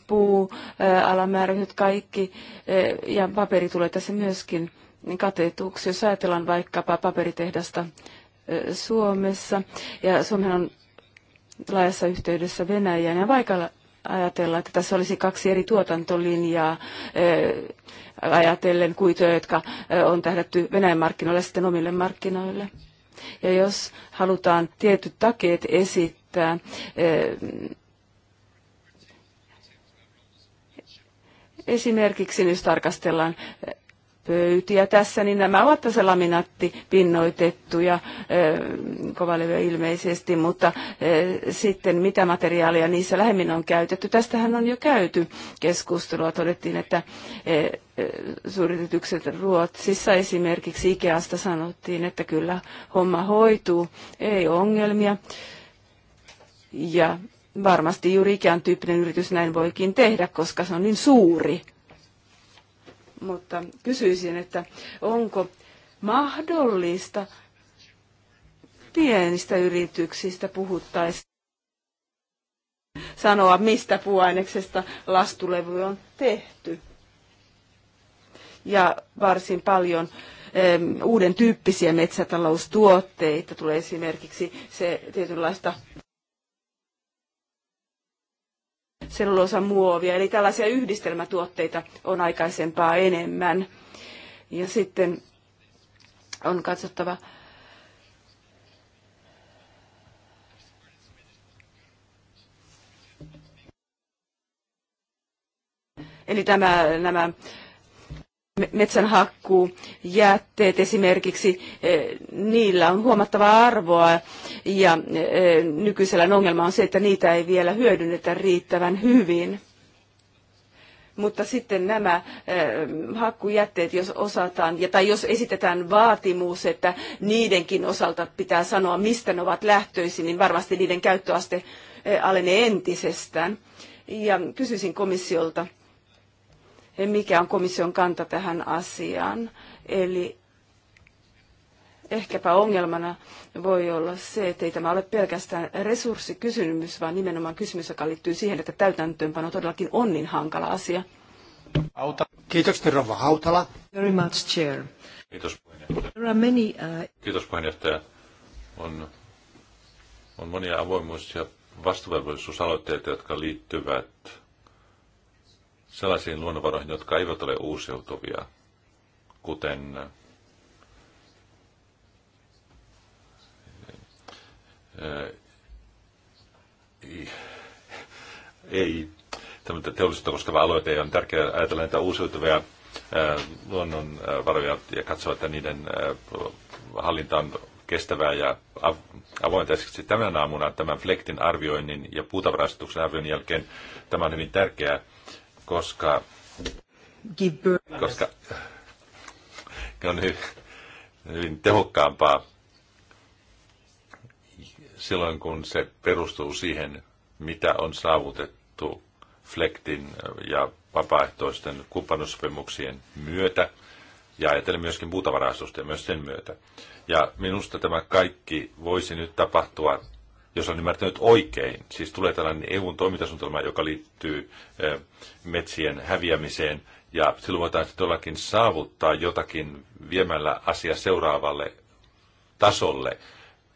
puualamääräykset, kaikki, eh, ja paperi tulee tässä myöskin katetuksi. Jos ajatellaan vaikkapa paperitehdasta eh, Suomessa, ja Suomen on laajassa yhteydessä Venäjään, ja vaikka ajatella, että tässä olisi kaksi eri tuotantolinjaa eh, ajatellen kuituja, jotka on tähdätty Venäjän markkinoille ja sitten omille markkinoille. Ja jos halutaan tietyt takeet esittää, eh, esimerkiksi jos tarkastellaan pöytiä tässä, niin nämä ovat tässä laminaattipinnoitettuja kovalevy ilmeisesti, mutta sitten mitä materiaalia niissä lähemmin on käytetty. Tästähän on jo käyty keskustelua. Todettiin, että suuritetykset Ruotsissa esimerkiksi Ikeasta sanottiin, että kyllä homma hoituu, ei ongelmia. Ja varmasti juuri ikään tyyppinen yritys näin voikin tehdä, koska se on niin suuri mutta kysyisin, että onko mahdollista pienistä yrityksistä puhuttaessa sanoa, mistä puuaineksesta lastulevy on tehty. Ja varsin paljon uuden tyyppisiä metsätaloustuotteita tulee esimerkiksi se tietynlaista selluloosamuovia. Eli tällaisia yhdistelmätuotteita on aikaisempaa enemmän. Ja sitten on katsottava Eli tämä, nämä metsänhakkuu, jätteet esimerkiksi, eh, niillä on huomattavaa arvoa ja eh, nykyisellä ongelma on se, että niitä ei vielä hyödynnetä riittävän hyvin. Mutta sitten nämä eh, hakkujätteet, jos osataan, ja tai jos esitetään vaatimus, että niidenkin osalta pitää sanoa, mistä ne ovat lähtöisin, niin varmasti niiden käyttöaste alenee entisestään. Ja kysyisin komissiolta, mikä on komission kanta tähän asiaan. Eli ehkäpä ongelmana voi olla se, että ei tämä ole pelkästään resurssikysymys, vaan nimenomaan kysymys, joka liittyy siihen, että täytäntöönpano todellakin on niin hankala asia. Auta. Kiitos, Rova Hautala. Very much, Chair. Kiitos, puheenjohtaja. There are many, uh... Kiitos, puheenjohtaja. On, on monia avoimuus- ja vastuvelvollisuusaloitteita, jotka liittyvät sellaisiin luonnonvaroihin, jotka eivät ole uusiutuvia, kuten ei, tämmöistä teollisuutta koskeva aloite on tärkeää ajatella näitä uusiutuvia luonnonvaroja ja katsoa, että niiden hallinta on kestävää ja avointa. Esimerkiksi tämän aamuna tämän Flektin arvioinnin ja puutavarastuksen arvioinnin jälkeen tämä on hyvin tärkeää koska, koska on hyvin, hyvin tehokkaampaa silloin, kun se perustuu siihen, mitä on saavutettu Flektin ja vapaaehtoisten kumppanuussopimuksien myötä ja ajatellen myöskin puutavarastosta ja myös sen myötä. Ja minusta tämä kaikki voisi nyt tapahtua jos on ymmärtänyt oikein. Siis tulee tällainen EUn toimintasuunnitelma, joka liittyy metsien häviämiseen, ja silloin voidaan todellakin saavuttaa jotakin viemällä asia seuraavalle tasolle.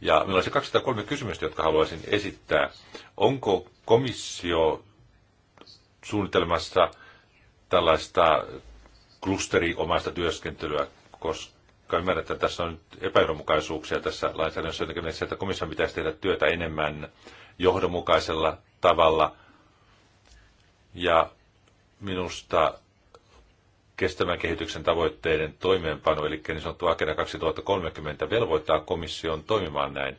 Ja meillä on se 203 kysymystä, jotka haluaisin esittää. Onko komissio suunnitelmassa tällaista klusteriomaista työskentelyä, koska koska ymmärrän, että tässä on epäjohdonmukaisuuksia tässä lainsäädännössä jotenkin se että komission pitäisi tehdä työtä enemmän johdonmukaisella tavalla. Ja minusta kestävän kehityksen tavoitteiden toimeenpano, eli niin sanottu Agenda 2030, velvoittaa komission toimimaan näin.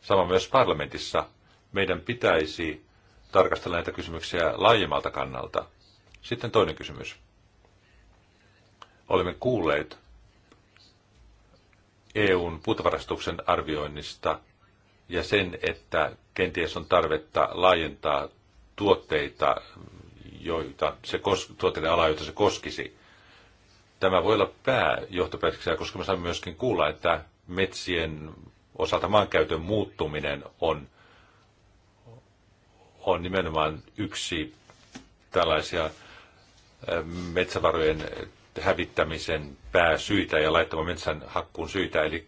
Sama myös parlamentissa. Meidän pitäisi tarkastella näitä kysymyksiä laajemmalta kannalta. Sitten toinen kysymys. Olemme kuulleet EUn putvarastuksen arvioinnista ja sen, että kenties on tarvetta laajentaa tuotteita, joita se kos- tuotteiden ala, joita se koskisi. Tämä voi olla pääjohtopäätöksiä, koska me saamme myöskin kuulla, että metsien osalta maankäytön muuttuminen on, on nimenomaan yksi tällaisia eh, metsävarojen hävittämisen pääsyitä ja laittoman metsän hakkuun syitä, eli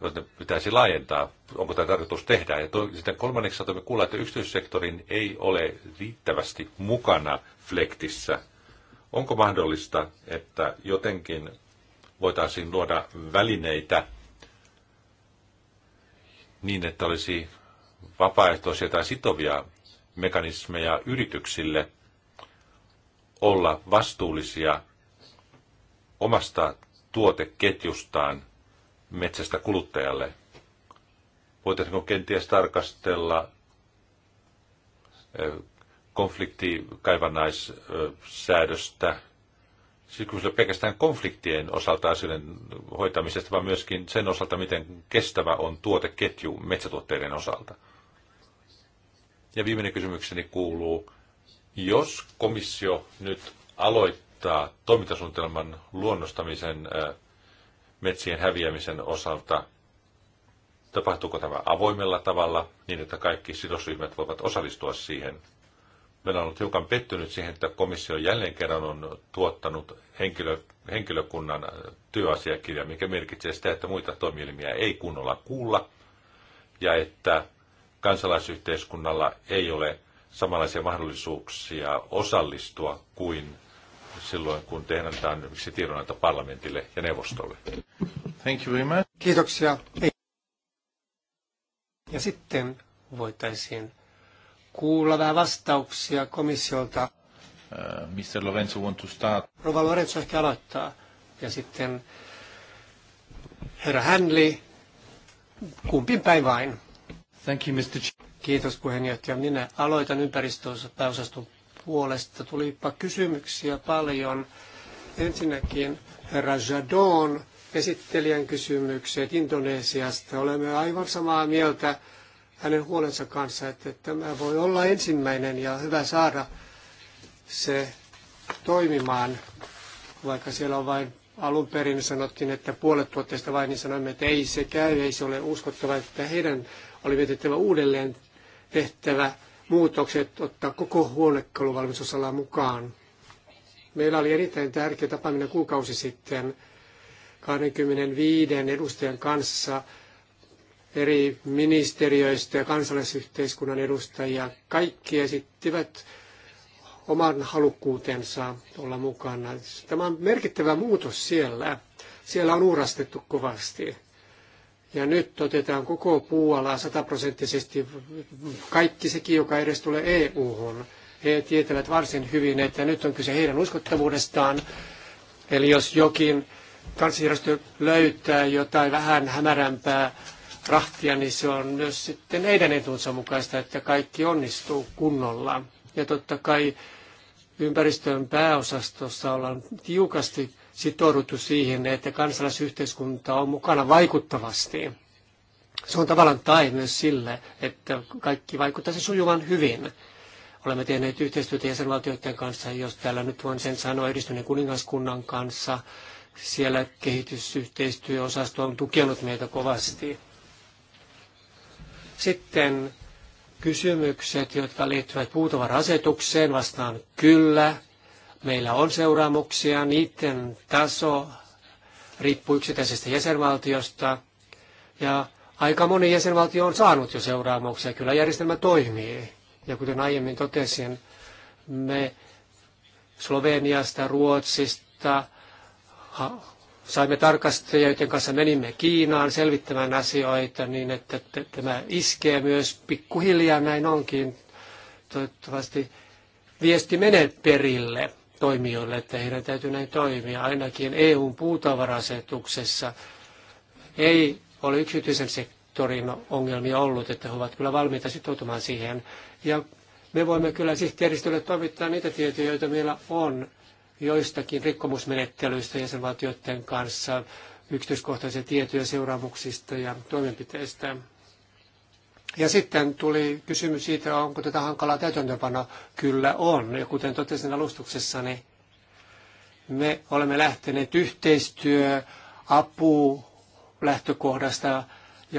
no, pitäisi laajentaa, onko tämä tarkoitus tehdä. Ja to, sitten kolmanneksi saatamme kuulla, että yksityissektorin ei ole riittävästi mukana flektissä. Onko mahdollista, että jotenkin voitaisiin luoda välineitä niin, että olisi vapaaehtoisia tai sitovia mekanismeja yrityksille olla vastuullisia omasta tuoteketjustaan metsästä kuluttajalle? Voitaisiinko kenties tarkastella konfliktikaivannaissäädöstä, siis kyllä pelkästään konfliktien osalta asioiden hoitamisesta, vaan myöskin sen osalta, miten kestävä on tuoteketju metsätuotteiden osalta. Ja viimeinen kysymykseni kuuluu, jos komissio nyt aloittaa, auttaa toimintasuunnitelman luonnostamisen metsien häviämisen osalta? Tapahtuuko tämä avoimella tavalla niin, että kaikki sidosryhmät voivat osallistua siihen? Meillä on ollut hiukan pettynyt siihen, että komissio jälleen kerran on tuottanut henkilö, henkilökunnan työasiakirja, mikä merkitsee sitä, että muita toimielimiä ei kunnolla kuulla ja että kansalaisyhteiskunnalla ei ole samanlaisia mahdollisuuksia osallistua kuin silloin, kun tehdään yksi tiedonanto parlamentille ja neuvostolle. Thank you very much. Kiitoksia. Ja sitten voitaisiin kuulla vähän vastauksia komissiolta. Uh, Mr. Lorenzo want to start. Rova Lorenzo ehkä aloittaa. Ja sitten herra Hänli, kumpin päin vain. Thank you, Mr. Kiitos puheenjohtaja. Minä aloitan ympäristöosaston puolesta. Tulipa kysymyksiä paljon. Ensinnäkin herra Jadon esittelijän kysymykset Indonesiasta. Olemme aivan samaa mieltä hänen huolensa kanssa, että tämä voi olla ensimmäinen ja hyvä saada se toimimaan, vaikka siellä on vain alun perin sanottiin, että puolet tuotteista vain, niin sanoimme, että ei se käy, ei se ole uskottava, että heidän oli mietittävä uudelleen tehtävä muutokset ottaa koko huonekaluvalmistusala mukaan. Meillä oli erittäin tärkeä tapaaminen kuukausi sitten 25 edustajan kanssa eri ministeriöistä ja kansalaisyhteiskunnan edustajia. Kaikki esittivät oman halukkuutensa olla mukana. Tämä on merkittävä muutos siellä. Siellä on uurastettu kovasti. Ja nyt otetaan koko puuala sataprosenttisesti kaikki sekin, joka edes tulee EU-hun. He tietävät varsin hyvin, että nyt on kyse heidän uskottavuudestaan. Eli jos jokin kansijärjestö löytää jotain vähän hämärämpää rahtia, niin se on myös sitten heidän etunsa mukaista, että kaikki onnistuu kunnolla. Ja totta kai ympäristön pääosastossa ollaan tiukasti sitouduttu siihen, että kansalaisyhteiskunta on mukana vaikuttavasti. Se on tavallaan tae myös sille, että kaikki vaikuttaisi sujuvan hyvin. Olemme tehneet yhteistyötä jäsenvaltioiden kanssa, jos täällä nyt voin sen sanoa edistyneen kuningaskunnan kanssa. Siellä kehitysyhteistyöosasto on tukenut meitä kovasti. Sitten kysymykset, jotka liittyvät puutavara-asetukseen, vastaan kyllä. Meillä on seuraamuksia, niiden taso riippuu yksittäisestä jäsenvaltiosta ja aika moni jäsenvaltio on saanut jo seuraamuksia. Kyllä järjestelmä toimii. Ja kuten aiemmin totesin, me Sloveniasta, Ruotsista saimme tarkastajia, joiden kanssa menimme Kiinaan selvittämään asioita niin, että tämä iskee myös pikkuhiljaa, näin onkin. Toivottavasti viesti menee perille toimijoille, että heidän täytyy näin toimia. Ainakin EUn puutavarasetuksessa ei ole yksityisen sektorin ongelmia ollut, että he ovat kyllä valmiita sitoutumaan siihen. Ja me voimme kyllä sihteeristölle toimittaa niitä tietoja, joita meillä on joistakin rikkomusmenettelyistä jäsenvaltioiden kanssa, yksityiskohtaisia tietoja seuraamuksista ja toimenpiteistä. Ja sitten tuli kysymys siitä, onko tätä hankalaa täytäntöpana. Kyllä on. Ja kuten totesin alustuksessani, me olemme lähteneet yhteistyö, apu lähtökohdasta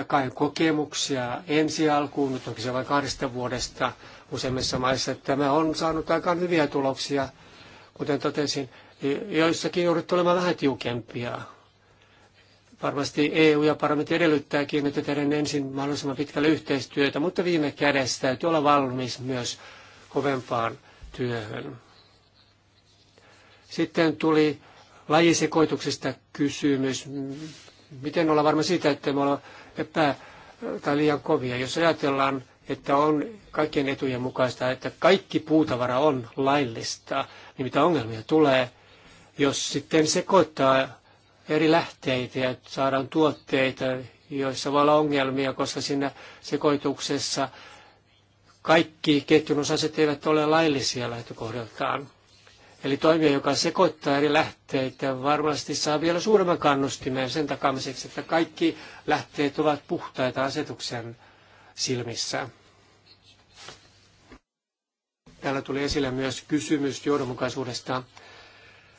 kai kokemuksia ensi alkuun, nyt onkin se vain kahdesta vuodesta useimmissa maissa. Tämä on saanut aika hyviä tuloksia, kuten totesin. Joissakin joudut olemaan vähän tiukempia, Varmasti EU ja parlamentti edellyttääkin, että tehdään ensin mahdollisimman pitkälle yhteistyötä, mutta viime kädessä täytyy olla valmis myös kovempaan työhön. Sitten tuli lajisekoituksesta kysymys. Miten olla varma siitä, että me ollaan epä- tai liian kovia? Jos ajatellaan, että on kaikkien etujen mukaista, että kaikki puutavara on laillista, niin mitä ongelmia tulee, jos sitten sekoittaa eri lähteitä ja saadaan tuotteita, joissa voi olla ongelmia, koska siinä sekoituksessa kaikki ketjun osaset eivät ole laillisia lähtökohdaltaan. Eli toimija, joka sekoittaa eri lähteitä, varmasti saa vielä suuremman kannustimen sen takamiseksi, että kaikki lähteet ovat puhtaita asetuksen silmissä. Täällä tuli esille myös kysymys johdonmukaisuudesta.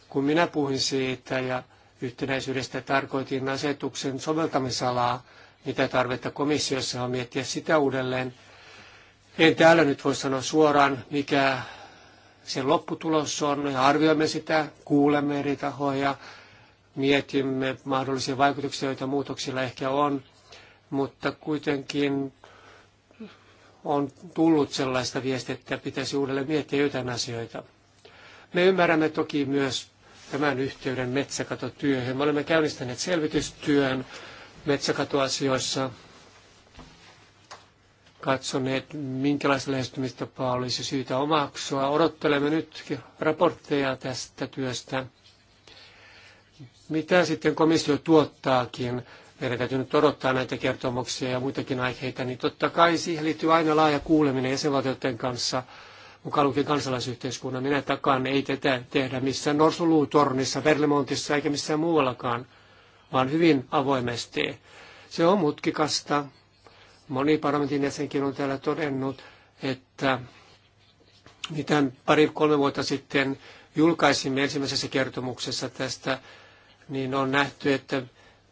Kun minä puhuin siitä ja yhtenäisyydestä tarkoitin asetuksen soveltamisalaa, mitä tarvetta komissiossa on miettiä sitä uudelleen. En täällä nyt voi sanoa suoraan, mikä sen lopputulos on. Ja arvioimme sitä, kuulemme eri tahoja, mietimme mahdollisia vaikutuksia, joita muutoksilla ehkä on, mutta kuitenkin on tullut sellaista viestiä, että pitäisi uudelleen miettiä jotain asioita. Me ymmärrämme toki myös tämän yhteyden metsäkatotyöhön. Me olemme käynnistäneet selvitystyön metsäkatoasioissa, katsoneet, minkälaista lähestymistapaa olisi syytä omaksua. Odottelemme nyt raportteja tästä työstä. Mitä sitten komissio tuottaakin? Meidän täytyy nyt odottaa näitä kertomuksia ja muitakin aiheita, niin totta kai siihen liittyy aina laaja kuuleminen jäsenvaltioiden kanssa – mukaan lukien kansalaisyhteiskunnan. Minä niin takaan ei tätä tehdä missään Norsuluutornissa, Verlemontissa eikä missään muuallakaan, vaan hyvin avoimesti. Se on mutkikasta. Moni parlamentin jäsenkin on täällä todennut, että mitä pari-kolme vuotta sitten julkaisimme ensimmäisessä kertomuksessa tästä, niin on nähty, että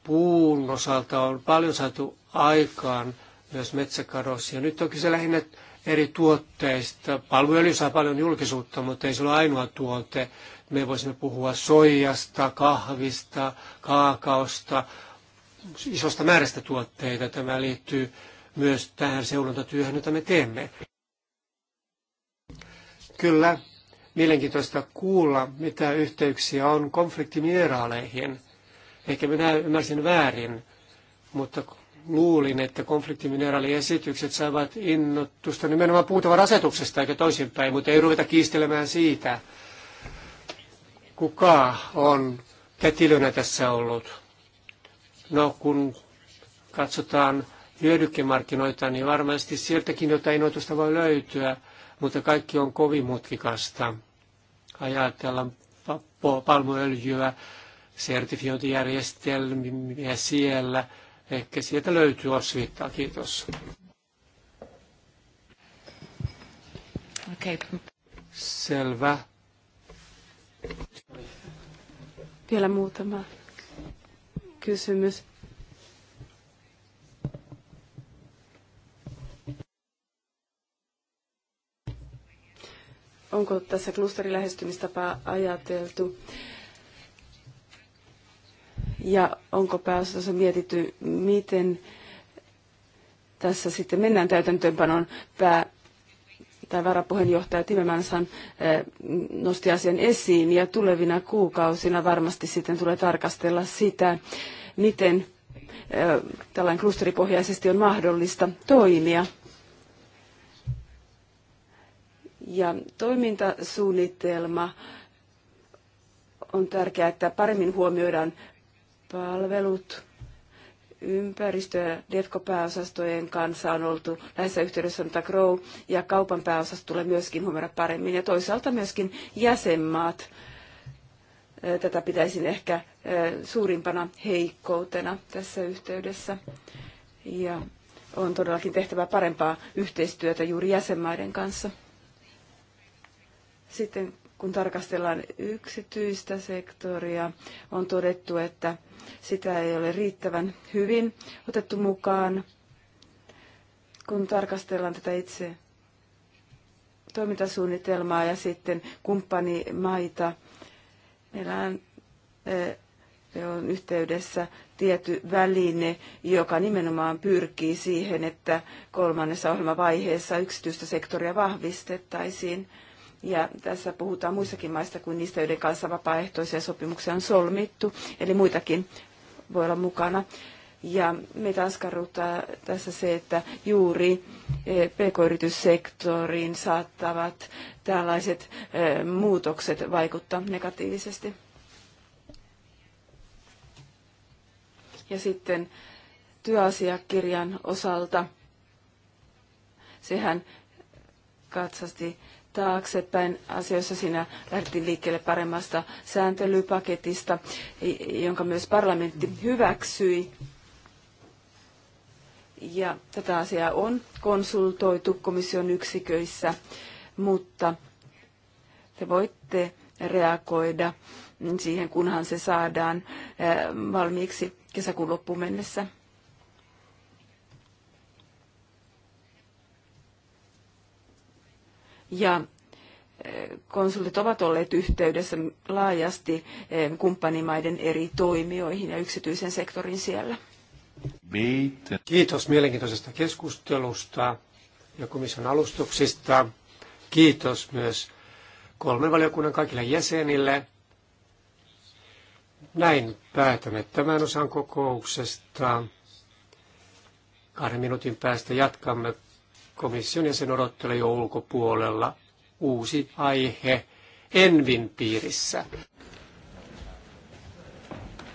puun osalta on paljon saatu aikaan myös metsäkadossa. Ja nyt on kyse lähinnä eri tuotteista. Palmuöljy saa paljon julkisuutta, mutta ei se ole ainoa tuote. Me voisimme puhua soijasta, kahvista, kaakaosta, isosta määrästä tuotteita. Tämä liittyy myös tähän seulontatyöhön, jota me teemme. Kyllä, mielenkiintoista kuulla, mitä yhteyksiä on konfliktimineraaleihin. Ehkä minä ymmärsin väärin, mutta luulin, että konfliktimineraaliesitykset saavat innotusta nimenomaan asetuksesta eikä toisinpäin, mutta ei ruveta kiistelemään siitä, kuka on kätilönä tässä ollut. No kun katsotaan hyödykkemarkkinoita, niin varmasti sieltäkin jotain innoitusta voi löytyä, mutta kaikki on kovin mutkikasta. Ajatellaan palmuöljyä, sertifiointijärjestelmiä siellä – Ehkä sieltä löytyy osviittaa. Kiitos. Okay. Selvä. Vielä muutama kysymys. Onko tässä klusterilähestymistapaa ajateltu? ja onko pääosassa mietitty, miten tässä sitten mennään täytäntöönpanon pää tai varapuheenjohtaja Timemansan eh, nosti asian esiin ja tulevina kuukausina varmasti sitten tulee tarkastella sitä, miten eh, tällainen klusteripohjaisesti on mahdollista toimia. Ja toimintasuunnitelma on tärkeää, että paremmin huomioidaan palvelut, ympäristö- ja DEFCO-pääosastojen kanssa on oltu lähes yhteydessä, on Grow ja kaupan pääosasto tulee myöskin huomioida paremmin. Ja toisaalta myöskin jäsenmaat, tätä pitäisin ehkä suurimpana heikkoutena tässä yhteydessä. Ja on todellakin tehtävä parempaa yhteistyötä juuri jäsenmaiden kanssa. Sitten kun tarkastellaan yksityistä sektoria, on todettu, että sitä ei ole riittävän hyvin otettu mukaan. Kun tarkastellaan tätä itse toimintasuunnitelmaa ja sitten kumppanimaita, meillä on eh, on yhteydessä tietty väline, joka nimenomaan pyrkii siihen, että kolmannessa ohjelmavaiheessa yksityistä sektoria vahvistettaisiin. Ja tässä puhutaan muissakin maista kuin niistä, joiden kanssa vapaaehtoisia sopimuksia on solmittu, eli muitakin voi olla mukana. Ja meitä askarruttaa tässä se, että juuri eh, pk-yrityssektoriin saattavat tällaiset eh, muutokset vaikuttaa negatiivisesti. Ja sitten työasiakirjan osalta, sehän katsasti taaksepäin asioissa. Siinä lähdettiin liikkeelle paremmasta sääntelypaketista, jonka myös parlamentti hyväksyi. Ja tätä asiaa on konsultoitu komission yksiköissä, mutta te voitte reagoida siihen, kunhan se saadaan eh, valmiiksi kesäkuun loppuun mennessä. ja eh, konsultit ovat olleet yhteydessä laajasti eh, kumppanimaiden eri toimijoihin ja yksityisen sektorin siellä. Kiitos mielenkiintoisesta keskustelusta ja komission alustuksista. Kiitos myös kolmen valiokunnan kaikille jäsenille. Näin päätämme tämän osan kokouksesta. Kahden minuutin päästä jatkamme komission sen odottelee jo ulkopuolella uusi aihe Envin piirissä.